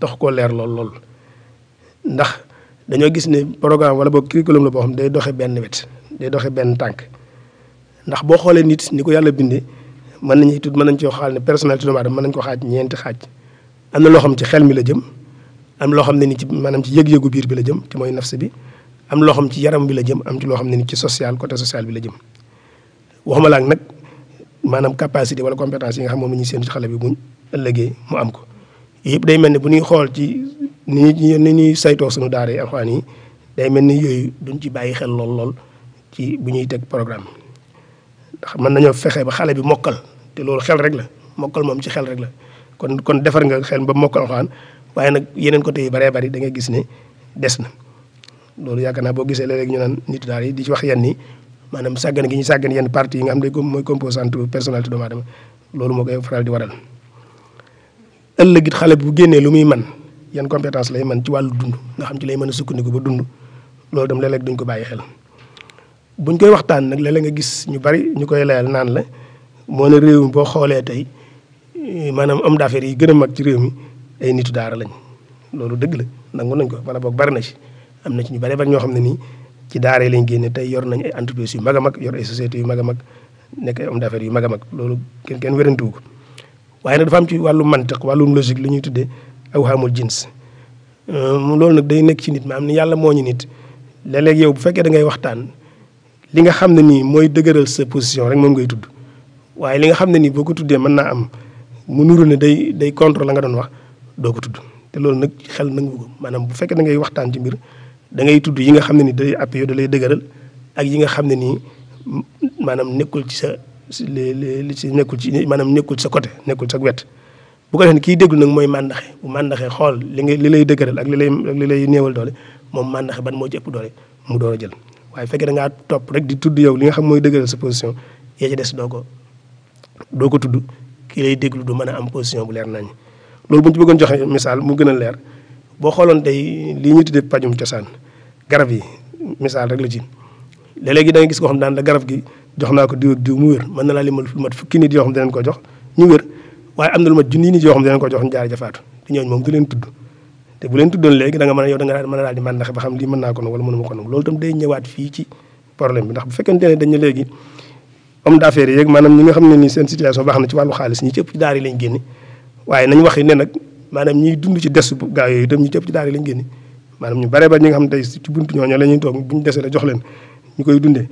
tax koo leer lool lool ndax dañoo gis ne programme wala boog curriculum la boo xam day doxe benn wet day doxe benn tànk ndax boo xoolee nit ni ko yàlla binde mën nañu tudd mën nañ ci xaal ne personnalité doomu aadama mën nañ ko xaaj ñeenti xaaj am na loo xam ci xel mi la jëm am loo xam ne ni ci maanaam ci yëg-yëgu biir bi la jëm te mooy nafs bi am loo xam yaram bi la jëm am ci loo xam ne ni ci social côté social bi la jëm waxuma laak nag maanaam capacité wala compétence yi nga xam moom la ñuy séntu ci xale bi buñ ëllëgee mu am ko yëpp day mel ni bu ñuy xool ci ni ñuy ni ñuy saytoo suñu daara yi alxuraan yi day mel ni yooyu duñ ci bàyyi xel lool lool ci bu ñuy teg programme ndax mën nañoo fexe ba xale bi mokkal te loolu xel rek la mokkal moom ci xel rek la kon kon defar nga xel ba mokkal alxuraan waaye nag yeneen côté yu bëree bëri da ngay gis ne des na loolu yaakaar naa boo gisee léeg-léeg ñu naan nitu daal yi di ci wax yenn yi maanaam sàggan gi ñu sàggan yenn partie yi nga xam ne mooy composante personnalité doomu aadama loolu moo koy faral di waral ëllëg it xale bu génnee lu muy man yenn compétence lay man ci wàllu dund nga xam ci lay mën a sukkandiku ba dund loolu itam léeg-léeg duñ ko bàyyi xel buñ koy waxtaan nag léeg nga gis ñu bari ñu koy layal naan la moo ne réew mi boo xoolee tey eh, maanaam homme d'affaires yi gën a mag ci réew mi ay nitu daara lañ loolu dëgg la nangu nañ ko wala boog bari na ci am na ci ñu bari bari ñoo xam ne nii ci daara lañ génne tey yor nañ ay entreprises yu mag a mag yor ay sociétés yu mag a mag nekk ay homme d'affaires mag a mag loolu kenn kenn wérantuwu ko waaye nag am ci wàllu mantiq wàllum logique li ñuy tuddee awhaamul jins euh, loolu nag day nekk ci nit maanaam ni yàlla moo ñu nit léeg-léeg yow bu fekkee da ngay waxtaan li nga xam ne nii mooy dëgëral sa position rek moom ngay tudd waaye li nga xam ne nii boo ko tuddee mën naa am mu nuru ne day day contre la nga doon wax doo ko tudd te loolu nag xel nangu ko maanaam bu fekkee da ngay waxtaan ci mbir da ngay tudd yi nga xam ne ni day appuyé da lay dëgëral ak yi nga xam ne nii maanaam nekkul ci sa li ci nekkul ci maanaam nekkul sa côté nekkul sa wet bu ko defee kiy déglu nag mooy màndaxe bu màndaxe xool li nga li lay dëgëral ak li lay lay néewal doole moom màndaxe ban moo ci doole mu door a jël waaye fekkee da ngaa topp rek di tudd yow li nga xam mooy dëgëral sa position yaa ci des doo ko doo ko tudd ki lay déglu du mën a am position bu leer nañ loolu bu ñu ci joxe misaal mu gën a leer boo xooloon tey lii ñu tuddee pajum cosaan garab yi misaal rek la ci léeg-léegi da nga gis koo xam garab gi jox naa ko diw ak mu wér mën na laa limal lu mat fukki nit yoo xam danañ ko jox ñu wér waaye am na lu mat junni nit yoo xam danañ ko jox ñu jaar jafaatu di ñooñu moom du leen tudd te bu leen tuddoon léegi da nga mën a yow da nga mën a daal di màndax ba xam lii maanaam ñi nga xam na ci wàllu xaalis ñi ci ëpp ci daara yi lañ génne waaye nañ wax maanaam ñiy dund ci des bu gaaw yooyu itam ñi ci ëpp ci daara yi lañ génne maanaam ñu bare ba ñi nga xam koy dundee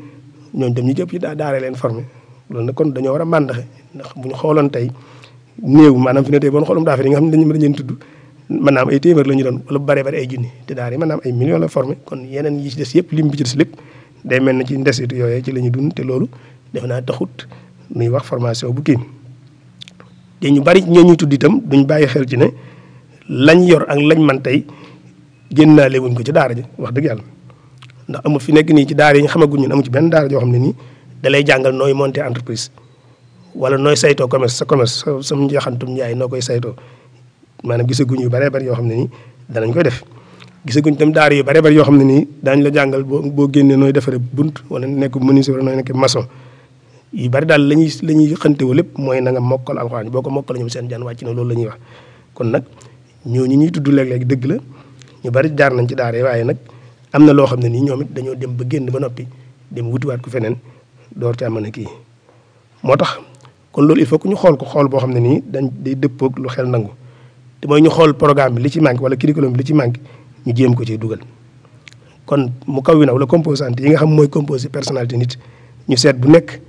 ñooñu tam ñi ci ëpp ci leen formé loolu nag kon dañoo war a màndaxe ndax bu ñu xooloon tey néew maanaam fi ne tey bon xoolum d'affaires yi nga xam ne dañu mën a tudd mën naa am ay téeméer la ñu doon wala bu bëree bëri ay junni te daar yi mën naa am ay millions la formé kon yeneen yi des yëpp lim bi ci des day mel na ci ndesitu yooyee ci la ñu dund te loolu def naa taxut nuy wax bu kii te ñu bari ñoo ñuy tudd itam duñ bàyyi xel ci ne lañ yor ak lañ man tey génnaale wuñ ko ci daara ji wax dëgg yàlla ndax amul fi nekk nii ci daara yi ñu xamaguñ ñun ci benn daara joo xam ne nii dalay jàngal nooy monter entreprise wala nooy saytoo commerce sa commerce sa sam njeexantum njaay noo koy saytoo maanaam gisaguñ yu bare bëri yoo xam ne nii danañ koy def gisaguñ tam daara yu bare bëri yoo xam ne nii daañ la jàngal boo boo génnee nooy defaree bunt wala nekk menuisier wala nooy nekk maçon yu bëri daal la ñuy la ñuy xantewoo lépp mooy na nga mokkal alxuraan boo ko mokkal ñoom seen jaan wàcc na loolu la ñuy wax kon nag ñu ñuy tudd léeg-léeg dëgg la ñu bari jaar nañ ci daara waaye nag am na loo xam ne nii ñoom it dañoo dem ba génn ba noppi dem wutiwaat ko feneen door caa mën a kii moo tax kon loolu il faut que ñu xool ko xool boo xam ne nii dañ day dëppoog lu xel nangu te mooy ñu xool programme bi li ci manqué wala curriculum bi li ci manqué ñu jéem ko ci dugal kon mu kaw wi naw la composante yi nga xam mooy composé personnalité nit ñu seet bu nekk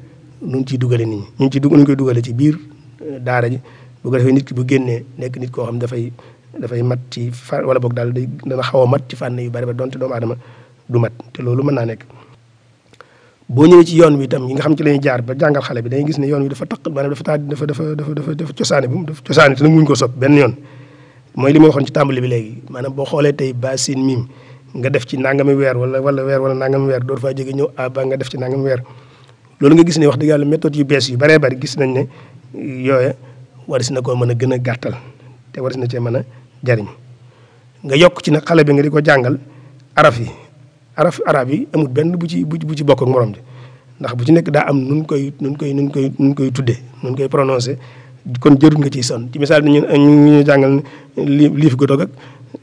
nu ñu ciy dugalee nit ñi ñu ngi ciy dugal koy dugalee ci biir euh, daara ji bu ko defee nit ki bu génnee nekk nit koo xam dafay dafay mat ci fa wala boog daal day dana xaw a mat ci fànn yu bari donte doomu aadama du mat te loolu mën naa nekk. boo ci yoon wi itam yi nga xam ci jaar ba jàngal xale bi dañuy gis ne yoon wi dafa taq maanaam dafa taa dafa dafa dafa dafa cosaani bu dafa cosaani te nag muñ ko sopp benn yoon. mooy li ma waxoon ci tàmbali bi léegi maanaam boo xoolee tey ba miim nga def ci nangami weer wala wala weer wala nangami weer door faa jóge ñëw aba nga def ci nangami weer loolu nga gis ne wax dëgg yàlla méthode yu bees yu bare bari gis nañ ne yooya waris na koo mën a gën a gàttal te waris na cee mën a jariñ nga yokk ci nag xale bi nga di ko jàngal araf yi araf arab yi amul benn bu ci bu ci bokk ak morom ji ndax bu ci nekk daa am nun koy nun koy nun koy nun koy tuddee nun koy prononcé kon jërul nga ciy sonn ci misaal bi ñu ñu jàngal li liif gu dog ak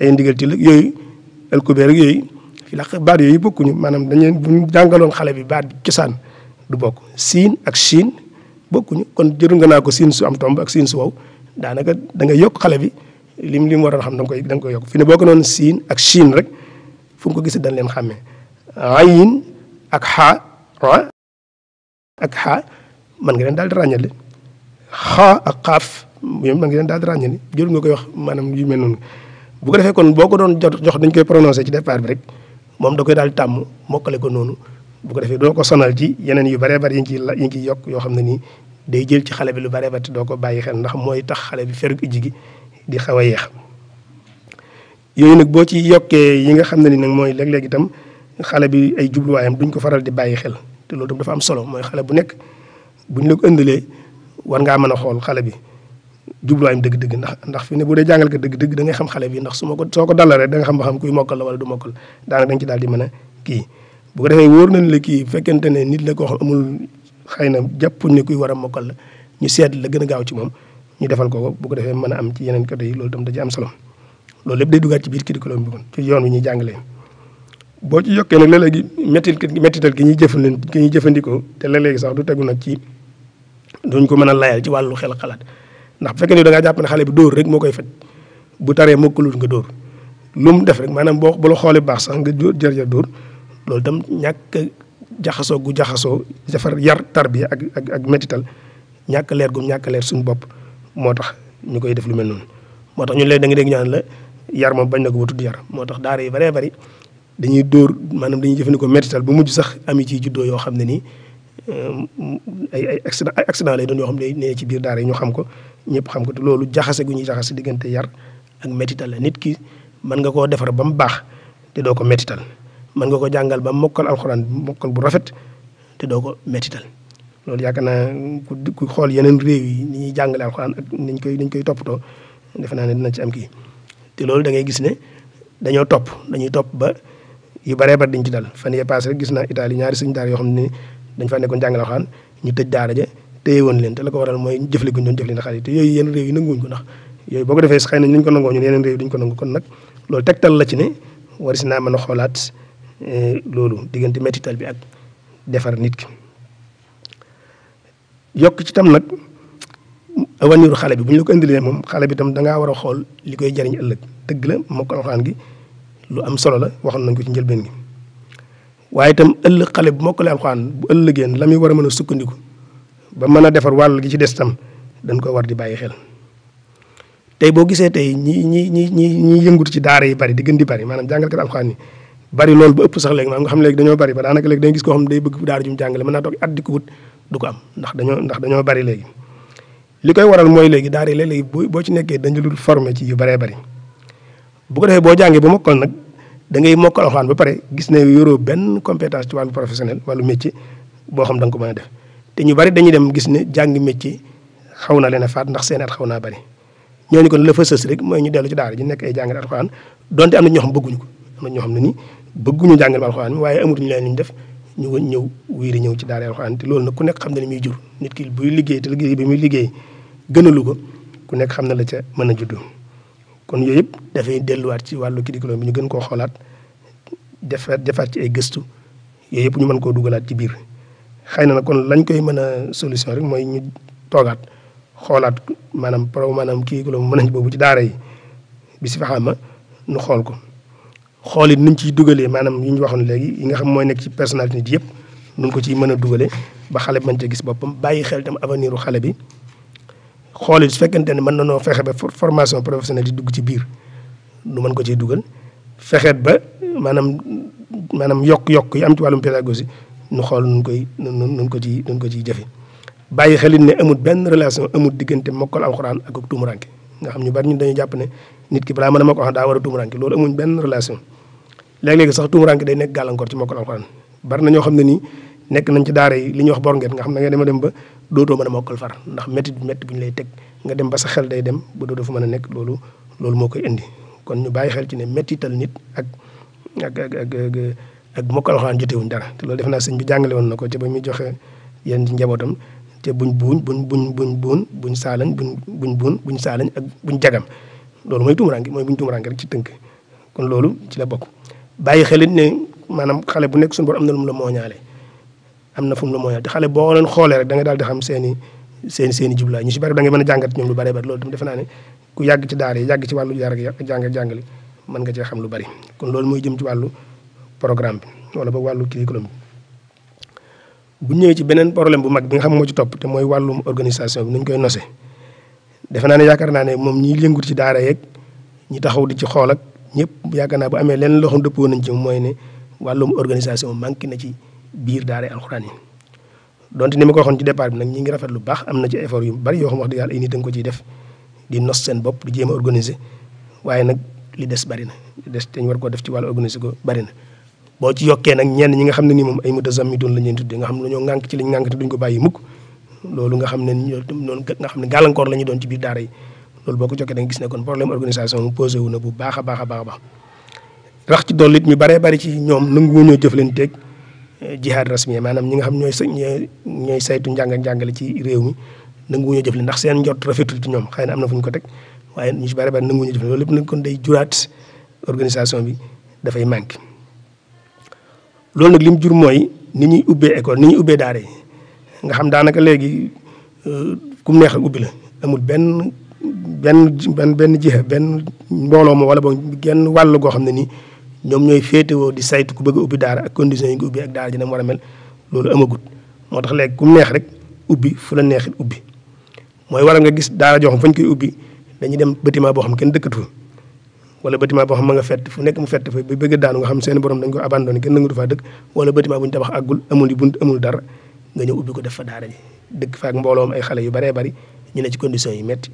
ay ndigal ci yooyu alkubeer ak yooyu fi la baat yooyu bokkuñu maanaam dañu bu ñu jàngaloon xale bi baat cosaan du bokk siin ak siin bokkuñu kon jërul nga naa ko siin su am tomb ak siin su wow daanaka da nga yokk xale bi lim lim waroon xam da nga koy da nga koy yokk fi ne boo ko noonu siin ak siin rek fu nga ko gisee dañ leen xàmmee ayin ak xaa ra ak mën nga leen daal di ràññale xaa ak xaaf yow man ngi daal di ràññee nga koy wax maanaam yu mel noonu bu ko defee kon boo ko doon jot jox dañ koy prononcé ci départ bi moom da koy daal di tàmm mokkale ko noonu bu ko defee doo ko sonal ci yeneen yu bëree bëri yi ngi ciy yi ngi yokk yoo xam ne nii day jël ci xale bi lu bëree bëri doo ko bàyyi xel ndax mooy tax xale bi ferug di xaw a yeex yooyu nag boo ci yokkee yi nga xam ne ni nag mooy léeg-léeg itam xale bi ay jubluwaayam duñ ko faral di bàyyi xel te loolu itam dafa am solo mooy xale bu nekk buñ la ko ëndalee war ngaa mën a xool xale bi jubluwaayam dëgg-dëgg ndax ndax fi ne bu dee jàngal ko dëgg-dëgg da ngay xam xale bi ndax su ma ko soo ko dalal rek da nga xam ba xam kuy mokkal la wala du mokkal daanaka da nga daal di mën kii bu ko defee wóor nañ la kii fekkente ne nit la koo xam amul xëy na jàppuñ ne kuy war a mokkal la ñu seet la gën a gaaw ci moom ñu defal ko bu ko defee mën a am ci yeneen côté yi loolu tam da ci am solo loolu lépp day dugaat ci biir curriculum bi kon ci yoon ñuy jàngalee boo ci yokkee nag léeg-léegi méttital méttital gi ñuy jëfandikoo te léeg-léegi sax du tegu nag ci duñ ko mën a layal ci wàllu xel xalaat ndax bu fekkee ne da ngaa jàpp ne xale bi dóor rek moo koy faj bu taree mokkalul nga dóor lu mu def rek maanaam boo bu xoolee baax sax nga jërëjëf dóor loolu itam ñàkk jaxasoo gu jaxasoo defar yar tarbiya ak ak ak métital ñàkk leer gum ñàkk leer suñu bopp moo tax ñu koy def lu mel noonu moo tax ñu léegi da nga dégg ñaan la yar moo bañ na ko ba tudd yar moo tax daara yi bëree bëri dañuy dóor maanaam dañuy jëfandikoo métital bu mujj sax am ci juddoo yoo xam ne nii Euh, ay ay accident ay accident lay doon yoo xam ne nee ci biir daar yi ñu xam ko ñëpp xam ko te loolu jaxase gu ñuy jaxase diggante yar ak métital la nit ki mën nga koo defar ba mu baax te doo ko métital mën nga ko jàngal ba mokkal alxuraan mokkal bu rafet te doo ko métital loolu yaakaar naa ku ku xool yeneen réew yi ni ñuy jàngale alxuraan ak niñ koy niñ koy toppatoo defe naa ne dina ci am kii te loolu da ngay gis ne dañoo topp dañuy topp ba yu baree bari ci dal fan yee passé rek gis naa Italie ñaari sëñ daara yoo xam ne dañ faa nekkoon jàngal alxuraan ñu tëj daara ja téye woon leen te la ko waral mooy jëfle guñ doon jëfle ndax xale yooyu yenn réew yi nanguwuñ ko ndax yooyu boo ko defee xëy na ñu ko nangoo ñun yeneen réew duñ ko nangu kon nag loolu tegtal la ci ne si naa mën a xoolaat eh, loolu diggante mettital bi ak defar nit ki yokk ci tam nag avenir xale bi bu ñu la ko indilee moom xale bi tam dangaa war a xool li koy jariñ ëllëg dëgg la mokkal alxuraan gi lu am solo la waxoon nañ ko ci njëlbeen gi waaye itam ëllëg xale bu mokkale alxuraan bu ëllëgeen la muy war a mën a sukkandiku ba mën a defar wàll gi ci des tam dañ ko war di bàyyi xel tey boo gisee tey ñi ñi ñi ñi ñi yëngut ci daara yi bari di gën di bari maanaam jàngalkat alxuraan yi bari loolu ba ëpp sax léegi maanaam nga xam léegi dañoo bari ba daanaka léegi dañuy gis koo xam day bëgg daara ju mu jàngale mën naa toog at di ko du ko am ndax dañoo ndax dañoo bari léegi li koy waral mooy léegi daara le léeg-léegi boo ci nekkee dañu dul formé ci yu baree bari bu ko defee boo jàngee bu mokkal nag da ngay mokkal alxuraan ba pare gis ne yoroo benn compétence ci wàllu professionnel wàllu métier boo xam da nga ko mën a def te ñu bari dañuy dem gis ne jàng métier xaw na leen a faat ndax seen at xaw naa bari ñooñu kon la fa sës rek mooy ñu dellu ci daara ji nekk ay jàngal alxuraan donte am na ñoo xam bëgguñu ko am na ñoo xam ne ni bëgguñu jàngal alxuraan waaye amatuñu leen ñu def ñu ñëw wiiri ñëw ci daara alxuraan te loolu nag ku nekk xam ne li muy jur nit ki buy liggéey te liggéey bi muy liggéey gënalu ko ku nekk xam na la ca mën a juddoo kon yooyu yëpp dafay delluwaat ci wàllu curriculum bi ñu gën koo xoolaat defaat defaat ci ay gëstu yooyu yëpp ñu mën koo dugalaat ci biir xëy na na kon lañ koy mën a solution rek mooy ñu toogaat xoolaat maanaam pro maanaam curriculum mën nañ boobu ci daara yi bi si faxaama nu xool ko xool it nuñ ciy dugalee maanaam yi ñu waxoon léegi yi nga xam mooy nekk ci personnalité nit yëpp nuñ ko ciy mën a dugalee ba xale bi mën cee gis boppam bàyyi xel itam avenir u xale bi xool su ne mën na noo fexe ba formation professionnelle di dugg ci biir lu man ko ciy dugal fexeet ba maanaam maanaam yokk-yokk yi am ci wàllum pédagogie nu xool nun koy nun ko ci nun ko ciy jëfe bàyyi xelit ne amul benn relation amul diggante mokkal alxuraan ak ak tuumuranke nga xam ñu bari ñu dañu jàpp ne nit ki balaa mën a mokkal alxuraan daa war a tuumuranke loolu amuñ benn relation léeg-léegi sax tuumuranke day nekk gàllankoor ci mokkal alxuraan na ñoo xam ne nii nekk nañ ci daara yi li ñuy wax bor nga xam ne nga dema dem ba dootoo mën a mokkal far ndax métti métti bu ñu lay teg nga dem ba sa xel day dem ba dootoo fa mën a nekk loolu loolu moo koy indi kon ñu bàyyi xel ci ne méttital nit ak ak ak ak ak mokkal alxuraan jotewuñ dara te loolu defe naa sëñ bi jàngale woon na ko ci ba muy joxe yéen ci njabootam te buñ buuñ buñ buñ buñ buun buñ saalañ buñ buñ buun buñ saalañ ak buñ jagam loolu mooy tuumaraange mooy buñ tuumaraange rek ci tënk kon loolu ci la bokk bàyyi xel it ne maanaam xale bu nekk suñu bor am na lu mu la mooñaale am na fu mu la mooyal te xale boo leen xoolee rek da nga daal di xam seen i seen seen i jublaay ñu si bari da nga mën a jàngat ñoom lu bari bari loolu tam defe naa ne ku yàgg ci daara yi yàgg ci wàllu yar ak jàng jàngale mën nga cee xam lu bari kon loolu mooy jëm ci wàllu programme bi wala ba wàllu curriculum bi bu ñëwee ci beneen problème bu mag bi nga xam moo ci topp te mooy wàllum organisation bi nu ñu koy nose defe naa ne yaakaar naa ne moom ñi yëngut ci daara yeeg ñi taxaw di ci xool ak ñëpp yaakaar naa bu amee lenn loo xam dëppoo nañ ci mooy ne wàllum organisation manqué na ci biir daaray alxuraan yi donte ni ma ko waxoon ci départ bi nag ñi ngi rafet lu baax am na ci effort yu bari yoo xam wax dëgg yàlla ay nit da ko ciy def di nos seen bopp di jéem a waaye nag li des bari na li des te ñu war koo def ci wàllu organiser ko bari na boo ñi nga xam ne ni moom ay mutasammidoon la ñuy tuddee nga xam ne dañoo doon ci biir daara yi loolu boo ko jokkee da nga gis ne kon baax a baax a baax rax ci dolli it ñu baree bari ci ñoom nangu ñoo jëflanteeg jihaad rasmiya maanaam ñi nga xam ñooy sa ñooy saytu njàng ak jàngale ci réew mi nanguwuñu jëf li ndax seen njot rafetul ci ñoom xëy na am na fu ñu ko teg waaye ñu ci bari bari nanguwuñu jëf li loolu lépp nag kon day organisation bi dafay manqué. loolu nag li mu jur mooy ni ñuy ubbee école ni ñuy ubbee daara nga xam daanaka léegi euh, kum neex ak amul benn benn benn benn jiha benn mbooloo ma wala boog genn wàll goo xam ne nii. ñoom ñooy féetewoo di saytu ku bëgg a ubbi daara ak conditions yi nga ubbi ak daara ji na mu war a mel loolu amagut moo tax léegi ku neex rek ubbi fu la neexit ubbi mooy waral nga gis daara joo xam fañ koy ubbi dañuy dem boo xam kenn dëkkatu wala bâtiment boo xam ma nga fett fu nekk mu fett fa ba bëgg daanu nga xam seen borom dañ ko abandonné kenn nangatu faa dëkk wala bâtiment bu ñu tabax àggul amul yi bunt amul dara nga ñëw ubbi ko def fa daara ji dëkk fa ak mbooloom ay xale yu baree bari ñu ne ci conditions yi metti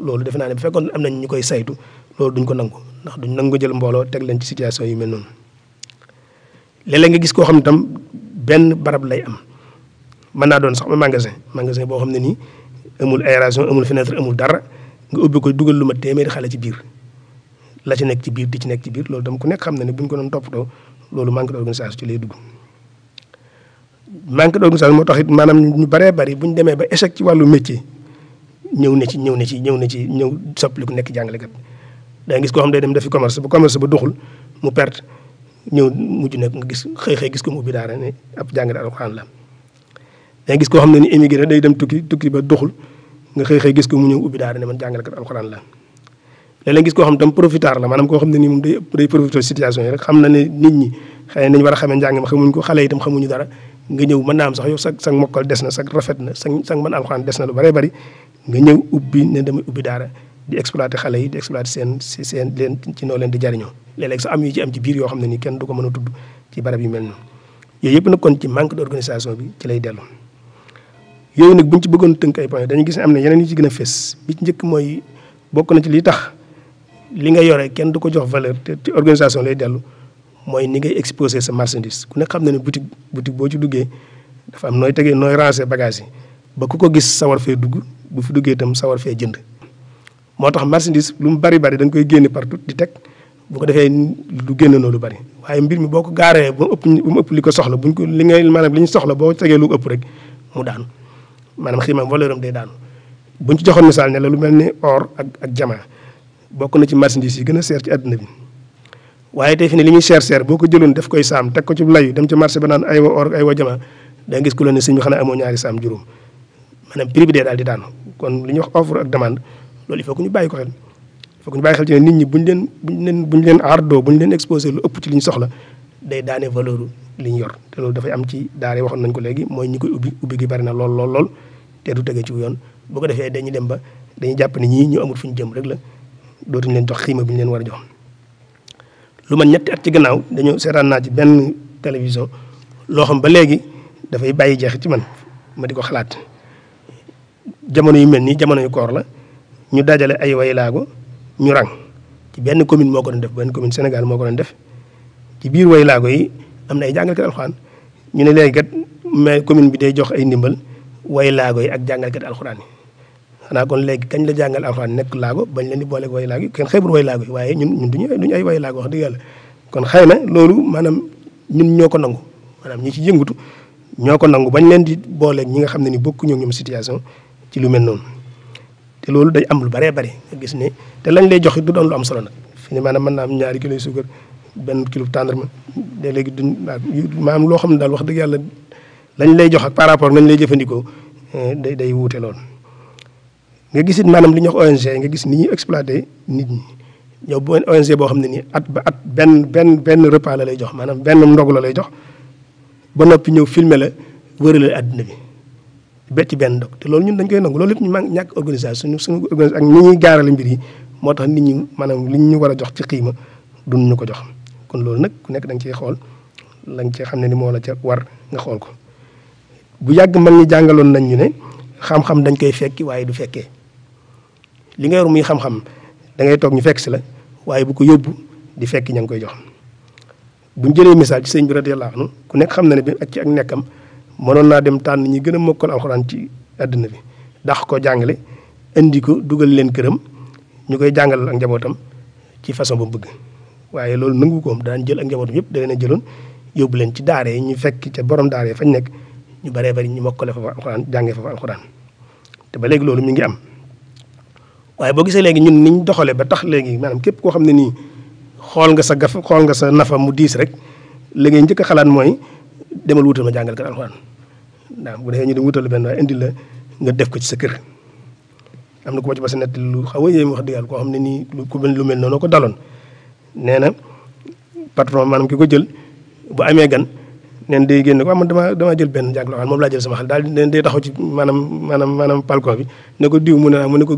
loolu defe naa ne bu fekkoon am nañ ñu koy saytu loolu duñ ko nangu ndax duñ nangu jël mbooloo teg leen ci situation yu mel noonu léeg-léeg nga gis koo xam ne tam benn barab lay am mën naa doon sox ma magasin magasin boo xam ne nii amul aération amul fenêtre amul dara nga ubbi ko dugal lu ma téeméeri xale ci biir la ci nekk ci biir di ci nekk ci biir loolu tam ku nekk xam na ne buñ ko doon toppatoo loolu manque d'organisation ci lay dugg manque d'organisation moo tax it maanaam ñu baree bari bu ñu demee ba échec ci wàllu métier ñëw na ci ñëw na ci ñëw na ci ñëw soppali ku nekk jàngalekat da nga gis koo xam day dem defi commerce bu commerce ba doxul mu perte ñëw mujj nag nga gis xëy gis ko mu ubbi daara ne ab jàngale alxuraan la da nga koo xam ne ni émigré day dem tukki tukki ba doxul nga xëy xëy gis ko mu ñëw ubbi daara ne man jàngalekat alxuraan la léeg-léeg gis koo xam tam profitar la maanaam koo xam ne nii moom day day profité situation yi rek xam na ne nit ñi xëy nañ war a xamee njàng ma xamuñ ko xale itam xamuñu dara nga ñëw mën naa am sax yow sa sa mokkal des na sag rafet na sa sa mën alxuraan des na lu bare bari nga ñëw ubbi ne damay ubbi daara di exploiter xale yi di exploiter seen si seen leen ci noo leen di jariñoo léeg-léeg am yu ci am ci biir yoo xam ne nii kenn du ko mën a tudd ci barab yu mel noonu yooyu yëpp nag kon ci manque d'organisation bi ci lay dellu yooyu nag buñ ci bëggoon tënk ay point dañu gis am na yeneen yu ci gën a fees mooy bokk na ci li tax li nga yore kenn du ko jox valeur te ci lay dellu mooy ni ngay exposer sa marchandise ku ne xam na ne boutique boutique boo ci duggee dafa am nooy tegee nooy ranger bagage yi ba ku ko gis sawar fee dugg bu fi duggee tam sawar fee jënd moo tax marchandise lu mu bari bari da nga koy génne partout di teg boo ko defee du génn noonu lu bari waaye mbir mi boo ko gaaree ba ëpp ba mu ëpp li ko soxla buñ ko li ngay maanaam li ñu soxla boo tegee lu ëpp rek mu daanu maanaam xiimam valeur am day daanu buñ ci joxoon misaal ne la lu mel ni or ak ak jamaa bokk na ci marchandise yi gën a seer ci àdduna bi waaye tey fi ne li muy seer seer boo ko jëloon def koy saam teg ko ci layu dem ci marché ba naan ay wa or ay wa jamaa da gis ku la ne sëñ bi xanaa amoo ñaari saam juróom maanaam prix bi dee daal di daanu kon li ñuy wax a demande loolu il faut ñu bàyyi ko xel il ci ne nit ñi buñ leen buñ leen buñ leen ardoo buñ leen exposé lu ëpp ci lu ñu soxla day daane valeur li ñu yor te loolu dafay am ci daare waxoon nañ ko léegi mooy ñu koy ubbi ubbi gi bari na lool lool te du tege ci yoon bu ko defee dañuy dem ba dañu jàpp ni ñii ñu amul fu ñu jëm rek la dootuñu leen jox xiima bi leen war a jox lu ma ñetti at ci gannaaw dañoo seetaan naa ci benn télévision loo xam ba léegi dafay bàyyi jeex ci man ma di ko xalaat jamono yu mel nii jamono yu koor la ñu dajale ay way waylaago ñu rang ci benn commune moo ko doon def benn commune Sénégal moo ko doon def ci biir waylaago yi am na ay jàngalekat alxuraan ñu ne léegi kat mais commune bi day jox ay ndimbal way laago yi ak jàngalekat alxuraan yi xanaa kon léegi kañ la jàngal alxuraan nekk laago bañ leen di booleeg way laago yi kenn xeebul way laago yi waaye ñun ñun duñu duñu ay way laago wax dëgg yàlla kon xëy na loolu maanaam ñun ñoo ko nangu maanaam ñu ci yëngutu ñoo ko nangu bañ leen di booleeg ñi nga xam ne ni bokku ñoom situation ci lu mel noonu loolu day am lu baree bari nga gis ne te lañ lay jox du doon lu am solo nag fi ne maanaam mën naa am ñaari kiloy yu suukar benn kilo tàndarma de léegi du maanaam loo xam ne daal wax dëgg yàlla lañ lay jox ak par rapport nañ lay jëfandikoo eh, day day wuute lool. nga gisit maanaam li ñuy wax ONG nga gis ni ñuy exploité nit ñi yow bu ONG boo xam ne nii at ba benn benn benn repas la lay jox maanaam benn ndog la lay jox ba noppi ñëw filme la wërale àddina bi. becc benn dog te loolu ñun dañ koy nangu loolu lépp ñu ma ñàkk organisation suñu organisation ak ni ñuy gaarale mbir yi moo tax nit ñi maanaam li ñu war a jox ci xiima duñ ñu ko jox kon loolu nag ku nekk da nga xool la nga xam ne ni moo la ca war nga xool ko bu yàgg mag ñi jàngaloon nañ ñu ne xam dañ koy fekki waaye du fekkee li nga yor muy xam-xam toog ñu fekk si la waaye bu ko yóbbu di fekki ña ngi koy jox buñ jëlee misaal ci sëñ bi radiyallahu anhu ku nekk xam na ne bi ak ci ak nekkam mënoon naa dem tànn ñi gën a mokkal alxuraan ci àddina bi dax ko jàngale indi ko dugal leen këram ñu koy jàngalal ak njabootam ci façon bu bëgg waaye loolu nangu koom daan jël ak njabootam yëpp da leen a jëloon yóbbu leen ci daara yi ñu fekk ca borom daare yi fañ nekk ñu baree bari ñu mokkale fa fa alxuraan jàngee fa fa alxuraan te ba léegi loolu mi ngi am waaye boo gisee léegi ñun niñ doxalee ba tax léegi maanaam képp koo xam ne nii xool nga sa gaf xool nga sa nafa mu diis rek léegi njëkk a xalaat mooy demal wutal ma jàngal ndax bu defee ñu di wutal benn indi la nga def ko ci sa kër. am na ku ma ci basi nett lu xaw a yéem wax dëgg yàlla koo xam ne nii ku mel lu mel noonu ko daloon nee na patron maanaam ki ko jël bu amee gan. neen day génn ko ah man damaa damaa jël benn jàng loo xam moom laa jël sama xel daal neen ci maanaam maanaam maanaam balcon bi ne ko diw mu ne mu ne ko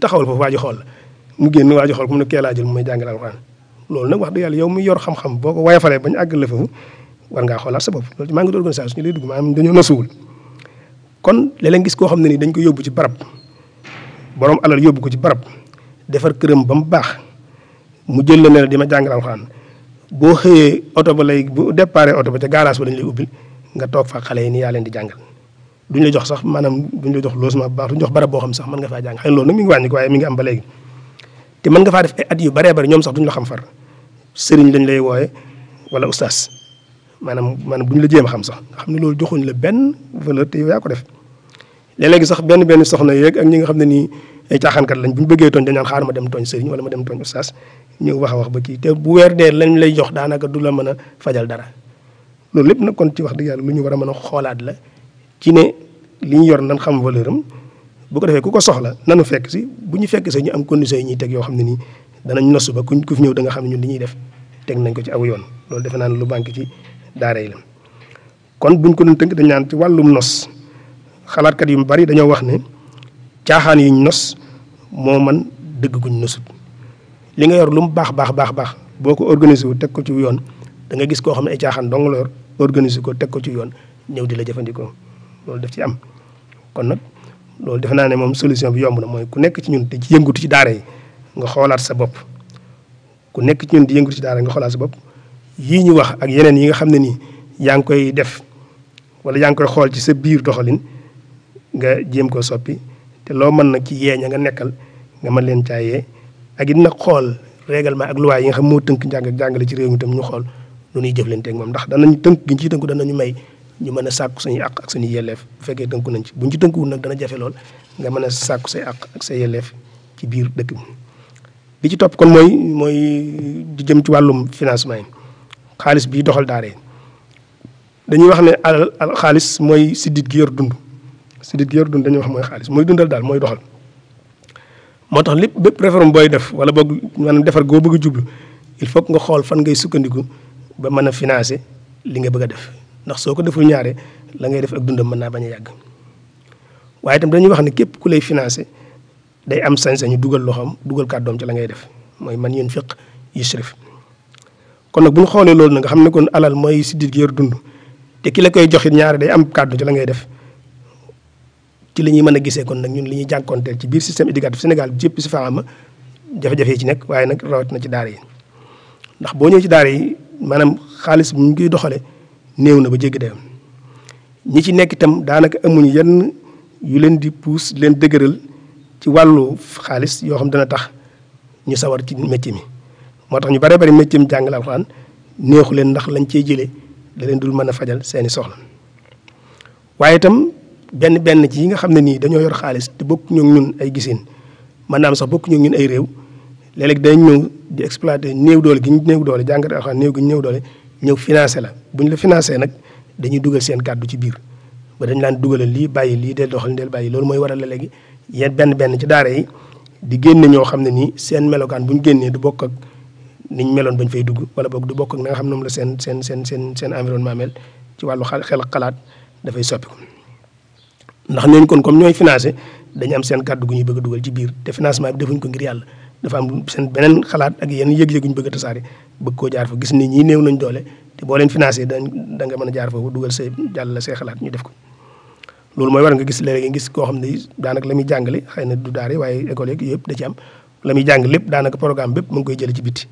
taxawal foofu waa xool la mu génn waa ji ko mu laa jël mu may jàngal loolu nag wax dëgg yàlla yow mu yor xam-xam boo ko wayafalee bañ àgg la foofu war ngaa xoolaat sa bopp loolu maa ngi doon organisation ñu lay dugg maanaam dañoo nasuwul kon léeg-léeg gis koo xam ne ni dañ koy yóbbu ci barab borom alal yóbbu ko ci barab defar këram ba mu baax mu jël la ne la di ma jàngal alxuraan boo xëyee oto ba lay bu déparé oto ba ca garage ba dañ ubbil nga toog fa xale yi ni yaa leen di jàngal duñ la jox sax maanaam duñ la jox logement bu baax jox barab boo xam sax mën nga faa jàng xëy na loolu nag mi ngi waaye mi ngi am ba léegi te mën nga faa def ay at yu baree bari ñoom sax duñ la xam far sëriñ lañ lay wooye wala ustaas maanaam maanaam bu ñu la jéem a xam sax nga xam ne loolu joxuñ la benn valeur te yaa ko def léeg-léegi sax benn benn soxna yeeg ak ñi nga xam ne nii ay caaxaankat lañ bu ñu bëggee tooñ dañaan xaar ma dem tooñ sëriñ wala ma dem tooñ ustaas ñu wax a wax ba kii te bu weer dee lañ lay jox daanaka du la mën a fajal dara loolu lépp nag kon ci wax dëgg yàlla lu ñu war a mën a xoolaat la ci ne li ñu yor nan xam valeur am ko defee ku ko soxla nanu fekk si bu ñu fekk si ñu am conditions yi ñuy teg yoo xam ne nii danañ nosu ba ku fi ñëw da nga xam ne ñun li ñuy def teg nañ ko ci aw yoon loolu defe naa ne lu banque ci daara yi la kon buñ ko doon tënk dañ naan ci wàllum nos xalaatkat yu mu bari dañoo wax ne caaxaan yuñ nos moom man dëgg guñ nosut li nga yor lu mu baax baax baax baax boo ko organisé wu teg ko ci yoon da nga gis koo xam ne ay caaxaan dong la yor ko teg ko ci yoon ñëw di la jëfandikoo loolu daf ci am kon nag loolu defe naa ne moom solution bi yomb na mooy ku nekk ci ñun te ci yëngatu ci daara yi nga xoolaat sa bopp ku nekk ci ñun di yëngatu ci daara nga xoolaat sa bopp yii ñu wax ak yeneen yi nga xam ne ni yaa ngi koy def wala yaa ngi koy xool ci sa biir doxalin nga jéem ko soppi te loo mën nag ci yeeñ a nga nekkal nga mën leen caayee ak it nag xool règlement ak luwaay yi nga xam moo tënk njàng jàngale ci réew mi ñu xool lu ñuy moom ndax danañ tënk gi ciy tënku danañu may ñu mën a sàkku suñuy ak suñuy yelleef bu fekkee tënku nañ ci buñ ci tënkuwul nag dana jafe lool nga mën a sàkku say ak sa yelleef ci biir dëkk bi bi ci topp kon mooy mooy jëm ci wàllum financement yi xaalis bii doxal daara dañuy wax ne alal xaalis mooy siddit gi yor dund siddit gi yor dund dañuy wax mooy xaalis mooy dundal daal mooy doxal moo tax lépp bépp réforme booy def wala boog maanaam defar goo bëgg a jublu il faut que nga xool fan ngay sukkandiku ba mën a financé li nga bëgg def ndax soo ko deful ñaare la ngay def ak dundam mën naa bañ a yàgg waaye tam dañuy wax ne képp ku lay financé day am sañ-sañu dugal loxoom dugal kàddoom ci la ngay def mooy man yunfiq yusrif kon nag bu ñu xoolee loolu nag nga xam ne kon alal mooy siddit gi yor dund te ki la koy joxit ñaari day am kàddu ci la ngay def ci li ñuy mën a gisee kon nag ñun li ñuy jànkonteel ci biir système éducatif Sénégal bi yëpp si faama jafe-jafe yi ci nekk waaye nag rawat na ci daara ndax boo ñëwee ci daara maanaam xaalis bu ñu koy doxalee néew na ba jéggi dayam ñi ci nekk itam daanaka amuñu yenn yu leen di pousse leen dëgëral ci wàllu xaalis yoo xam dana tax ñu sawar ci métier mi moo tax ñu bare bari métier mu jàngal alxuraan neexu leen ndax lañ cee jëlee da leen dul mën a fajal seeni soxla waaye itam benn benn ci yi nga xam ne nii dañoo yor xaalis te bokk ñoo ñun ay gisin mën sax bokk ñun ay réew léeg dañ ñëw di exploiter néew doole gi ñu doole jàngat alxuraan néew gi doole ñëw financé la bu la financé nag dañuy dugal seen kàddu ci biir ba dañ laan dugalal lii bàyyi lii del doxal del bàyyi loolu mooy waral la léegi yéen benn benn ci daara yi di génne ñoo xam ne nii seen melokaan bu ñu génnee du bokk ak niñ meloon bañ fay dugg wala boog du bokk ak na nga xam noonu la seen seen seen seen seen environnement mel ci wàllu xel xalaat dafay soppiku ndax ñooñu kon comme ñooy financé dañu am seen kàddu gu ñu bëgg dugal ci biir te financement bi defuñ ko ngir yàlla dafa am seen beneen xalaat ak yenn yëg-yëg ñu bëgg a tasaare bëgg koo jaar fa gis ni ñii néew nañ doole te boo leen financé dañ da nga mën a jaar foofu dugal say jàll la say xalaat ñu def ko loolu mooy war gis léeg gis koo xam ne daanaka la muy jàngale xëy na du daare waaye école yeeg yëpp da ci am la muy jàng lépp daanaka programme bépp mu ngi koy jële ci biti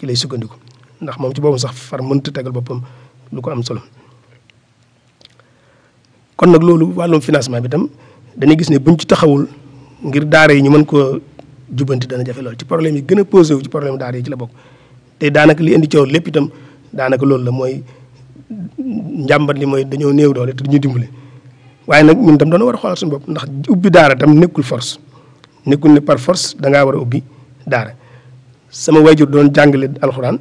ci lay sukkandiku ndax moom ci boobu sax far mënta tegal boppam lu ko am solo kon nag loolu wàllum financement bi tam dañuy gis ne buñ ci taxawul ngir daara yi ñu mën ko jubanti dana jafe lool ci problème yi gën a posé wu ci problème daara yi ci la bokk te daanaka li indi coow lépp daanaka loolu la mooy njàmbat li mooy dañoo néew doole te duñu dimbale waaye nag ñun tam doon war a xoolal suñu bopp ndax ubbi daara tam nekkul force nekkul ne par force da war a ubbi daara sama jur doon jàngale alxuraan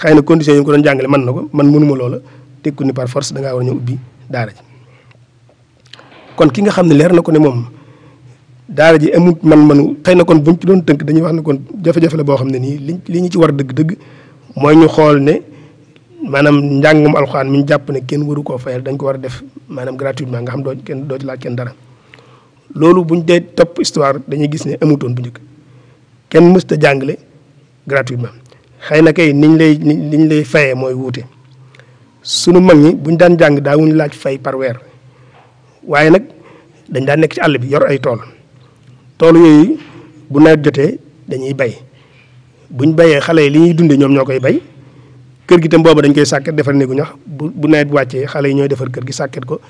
xëy na conditions yi ñu ko doon jàngale man na ko man mënuma loola tekku ni par force da ngaa war a ñëw ubbi daara ji kon ki nga xam ne leer na ko ne moom daara ji amut man-manu xëy na kon buñ ci doon tënk dañuy wax ne kon jafe-jafe boo xam ne nii li li ñu ci war dëgg-dëgg mooy ñu xool ne maanaam njàngum alxuraan mi jàpp ne kenn waru koo fayal dañ ko war a def maanaam gratuitement nga xam doo kenn doo ci laaj dara loolu buñ dee topp dañuy gis ne amutoon bu njëkk kenn mësta jàngale gratuitement xëy na kay niñ lay niñ lay fayee mooy wuute sunu mag ñi buñ daan jàng daawuñu laaj fay par weer waaye nag dañ daan nekk ci àll bi yor ay tool tool yooyu bu nawet jotee dañuy bay buñ bayee xale yi li ñuy dundee ñoom ñoo koy bay kër gi tam boobu dañ koy sàkket defar néegu ñax bu bu nawet wàccee xale yi ñooy defar kër gi sàkket ko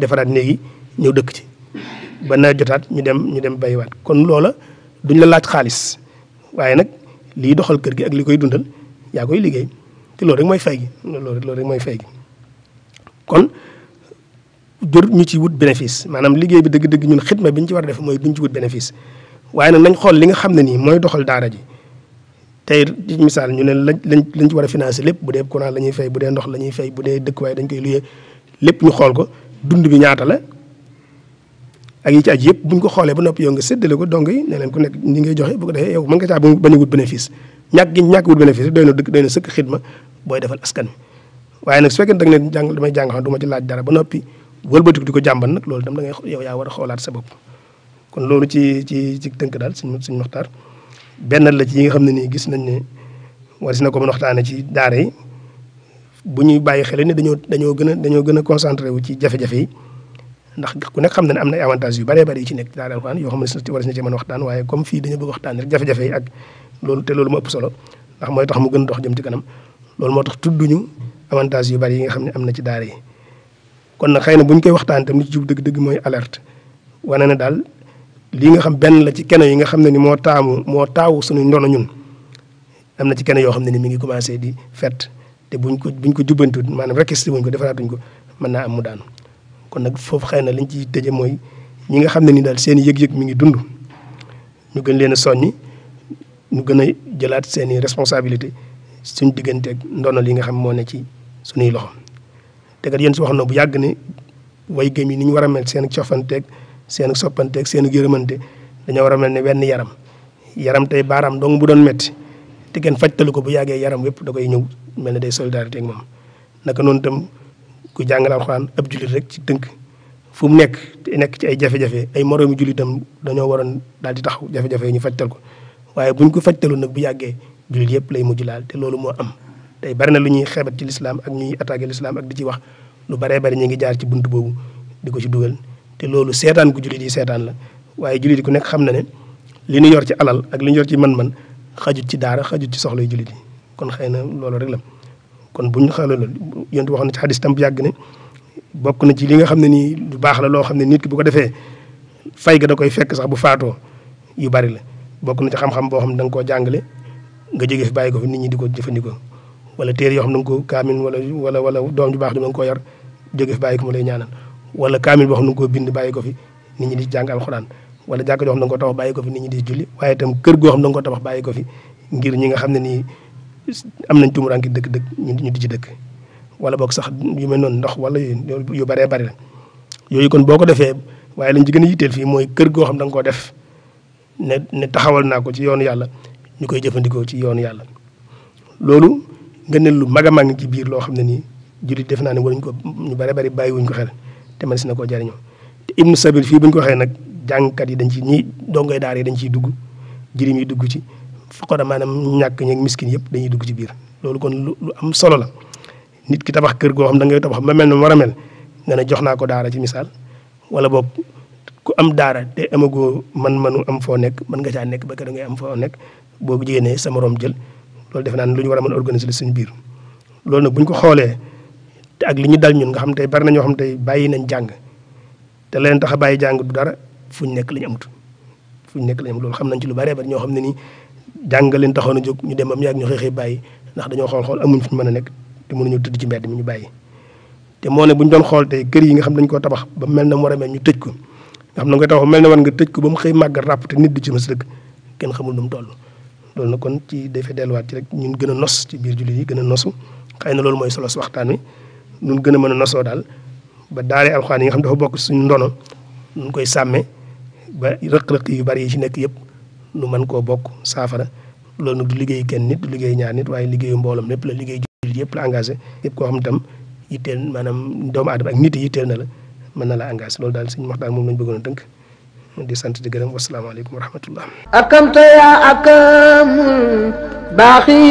defaraat néeg yi dëkk ci ba nawet jotaat ñu dem ñu dem bayiwaat kon loola duñ la laaj xaalis waaye nag lii doxal kër gi ak li koy dundal yaa koy liggéey te loolu rek mooy fay gi loolu loolu rek mooy fay kon jur ñu ci wut bénéfice maanaam liggéey bi dëgg-dëgg ñun xidma bi ñu ci war a def mooy duñ ci wut bénéfice waaye nag nañ xool li nga xam ne nii mooy doxal daara ji tey misaal ñu ne lañ lañ ci war a financer lépp bu dee courant la ñuy fay bu dee ndox la ñuy fay bu dee dëkkuwaay dañ koy luyee lépp ñu xool ko dund bi ñaata la ak yi ci aj yëpp bu ñu ko xoolee ba noppi yow nga séddale ko dong yi ne leen ku nekk ñi ngay joxe bu ko yow mën nga caa bañ a wut bénéfice ñàkk gi ñàkk wut bénéfice dëkk doy na sëkk xidma booy defal askan waaye nag su da nga ne damay jàng xam ci laaj dara ba noppi wëlbatiku di ko jàmban nag loolu dam da ngay yow yaa war xoolaat sa bopp kon loolu ci ci ci tënk daal suñ suñ waxtaan benn la ci yi nga xam ne nii gis nañ ne war si na ko mën noxtaane ci daara yi bu ñuy bàyyi xel ni dañoo dañoo gën a dañoo gën a concentré wu ci jafe-jafe yi ndax ku nekk xam na ne am na avantage yu bëree bëri yi ci nekk daal alxuraan yoo xam ne si war na ci mën loolu te loolu mu ëpp solo ndax mooy tax mu gën dox ci kanam loolu moo tax tudduñu avantage yu bëri yi nga xam ne am na ci daara kon nag xëy na bu koy waxtaan tam li ci dëgg-dëgg mooy alerte wane ne daal lii nga xam benn la ci kene yi nga xam ne ni moo taamu moo taawu suñu ndono ñun am na ci kene yoo xam ne ni mi ngi commencé di fet te buñ ko buñ ko jubbantu maanaam rekk si wuñ ko defaraatuñ ko mën naa am mu daanu kon nag foofu xëy na liñ ciy tëje mooy ñi nga xam ne nii daal seen yëg-yëg mi ngi dund ñu gën leen a soññi ñu gën a jëlaat seen i responsabilité suñ digganteeg ndono yi nga xam moo ne ci suñuy loxo te kat yéen si wax na bu yàgg ni way gëm yi ni ñu war a mel seen cofanteeg seen soppanteeg seen yërëmante dañoo war a mel ne wenn yaram yaram tey baaraam dong bu doon metti te kenn fajtalu ko bu yàggee yaram yépp da koy ñëw mel ne day solidarité moom ku jàngal alxuraan ab jullit rek ci tënk fu mu nekk nekk ci ay jafe-jafe ay moroomi jullitam dañoo waroon daal di taxaw jafe ñu fajtal ko waaye buñ ko fajtalu nag bu yàggee jullit yëpp lay mujj laal te loolu moo am tey bari na lu ñuy xeebat ci lislaam ak ñuy attaqué lislaam ak di ci wax lu bare bari ñu ngi jaar ci bunt boobu di ko ci dugal te loolu seetaan ku jullit yi seetaan la waaye jullit ku nekk xam na ne li ñu yor ci alal ak li ñu yor ci man-man xajut ci daara xajut ci soxlay jullit yi kon xëy na la kon bu ñu xale xoolee yonent wax na ci xadis tam bu yàgg ne bokk na ci li nga xam ne nii lu baax la loo xam ne nit ki bu ko defee fay ga da koy fekk sax bu faatoo yu bari la bokk na ci xam-xam boo xam ne da koo jàngale nga jóge fi bàyyi ko fi nit di ko jëfandikoo wala téere yoo xam ne da nga ko kaamin wala wala wala doom ju baax da nga koo yar jóge fi bàyyi ko mu lay ñaanal wala kaamin boo xam koo bind bàyyi ko fi nit ñi di jàng alxuraan wala jàkka joo xam ko tabax bàyyi ko fi nit julli waaye itam kër goo xam ne da nga ko tabax ko fi ngir ñi nga xam ne nii am nañ tumuraanke dëkk dëkk ñu di ci dëkk wala boog sax yu mel noonu ndox wala yu baree bari la yooyu kon boo ko defee waaye lañ ci gën yitteel fii mooy kër goo xam da nga koo def ne ne taxawal naa ko ci yoonu yàlla ñu koy jëfandikoo ci yoonu yàlla loolu nga ne lu mag a mag ci biir loo xam ne nii jullit def naa ne waruñ ko ñu bare bari bàyyi wuñ ko xel te man si na ko jariñoo te ibnu sabil fii bu ko waxee nag jàngkat yi dañ ci ñi dongoy daar yi dañ ciy dugg jirim yi dugg ci faqara maanaam ñàkk ñeeg miskin yëpp dañuy dugg ci biir loolu kon lu am solo la nit ki tabax kër goo xam da ngay tabax ma mel ne war a mel nga ne jox naa ko daara ci misaal wala boog ku am daara te amagoo man manu am foo nekk mën nga caa nekk ba da ngay am foo nekk boobu jigéen ne sa morom jël loolu defe naa ne lu ñu war a mën organiser la suñu biir loolu nag bu ñu ko xoolee te ak li ñu dal ñun nga xam tey bari na ñoo xam tey bàyyi nañ jàng te leen tax a bàyyi jàng du dara fu ñu nekk la ñu amut fu ñu nekk la ñu am loolu xam nañ ci lu bëree bari ñoo xam ne nii jàng leen taxoon a jóg ñu dem am yàgg ñu xëy xëy bàyyi ndax dañoo xool-xool amuñ fu ñu mën a nekk te mënuñu tëdd ci mbedd mi ñu bàyyi te moo ne bu ñu doon xool tey kër yi nga xam dañ koo tabax ba mel na mu war a mel ñu tëj ko nga xam na nga tabax mel na war nga tëj ko ba mu xëy màgg ràpp nit di ci mas dëkk kenn xamul nu mu toll loolu nag kon ci dafay delluwaat ci rek ñun gën a nos ci biir jullit yi gën a nosu xëy na loolu mooy solos waxtaan wi ñun gën a mën a nosoo daal ba daare alxuraan yi nga xam dafa bokk suñu ndono ñu koy sàmme ba rëq-rëq yu bari yi ci nekk yëpp lu mën koo bokk saafara loolu nag du liggéey kenn nit du liggéey ñaar nit waaye liggéeyu mbooloom lépp la liggéey jullit yëpp la engagé yëpp koo xam tam yitteel maanaam doomu aadama ak nit yi yitteel na la mën na la engagé loolu daal suñu waxtaan moom lañ bëggoon a tënk di sant di gërëm wasalaamaaleykum wa rahmatullah akamta ya akamul baaxi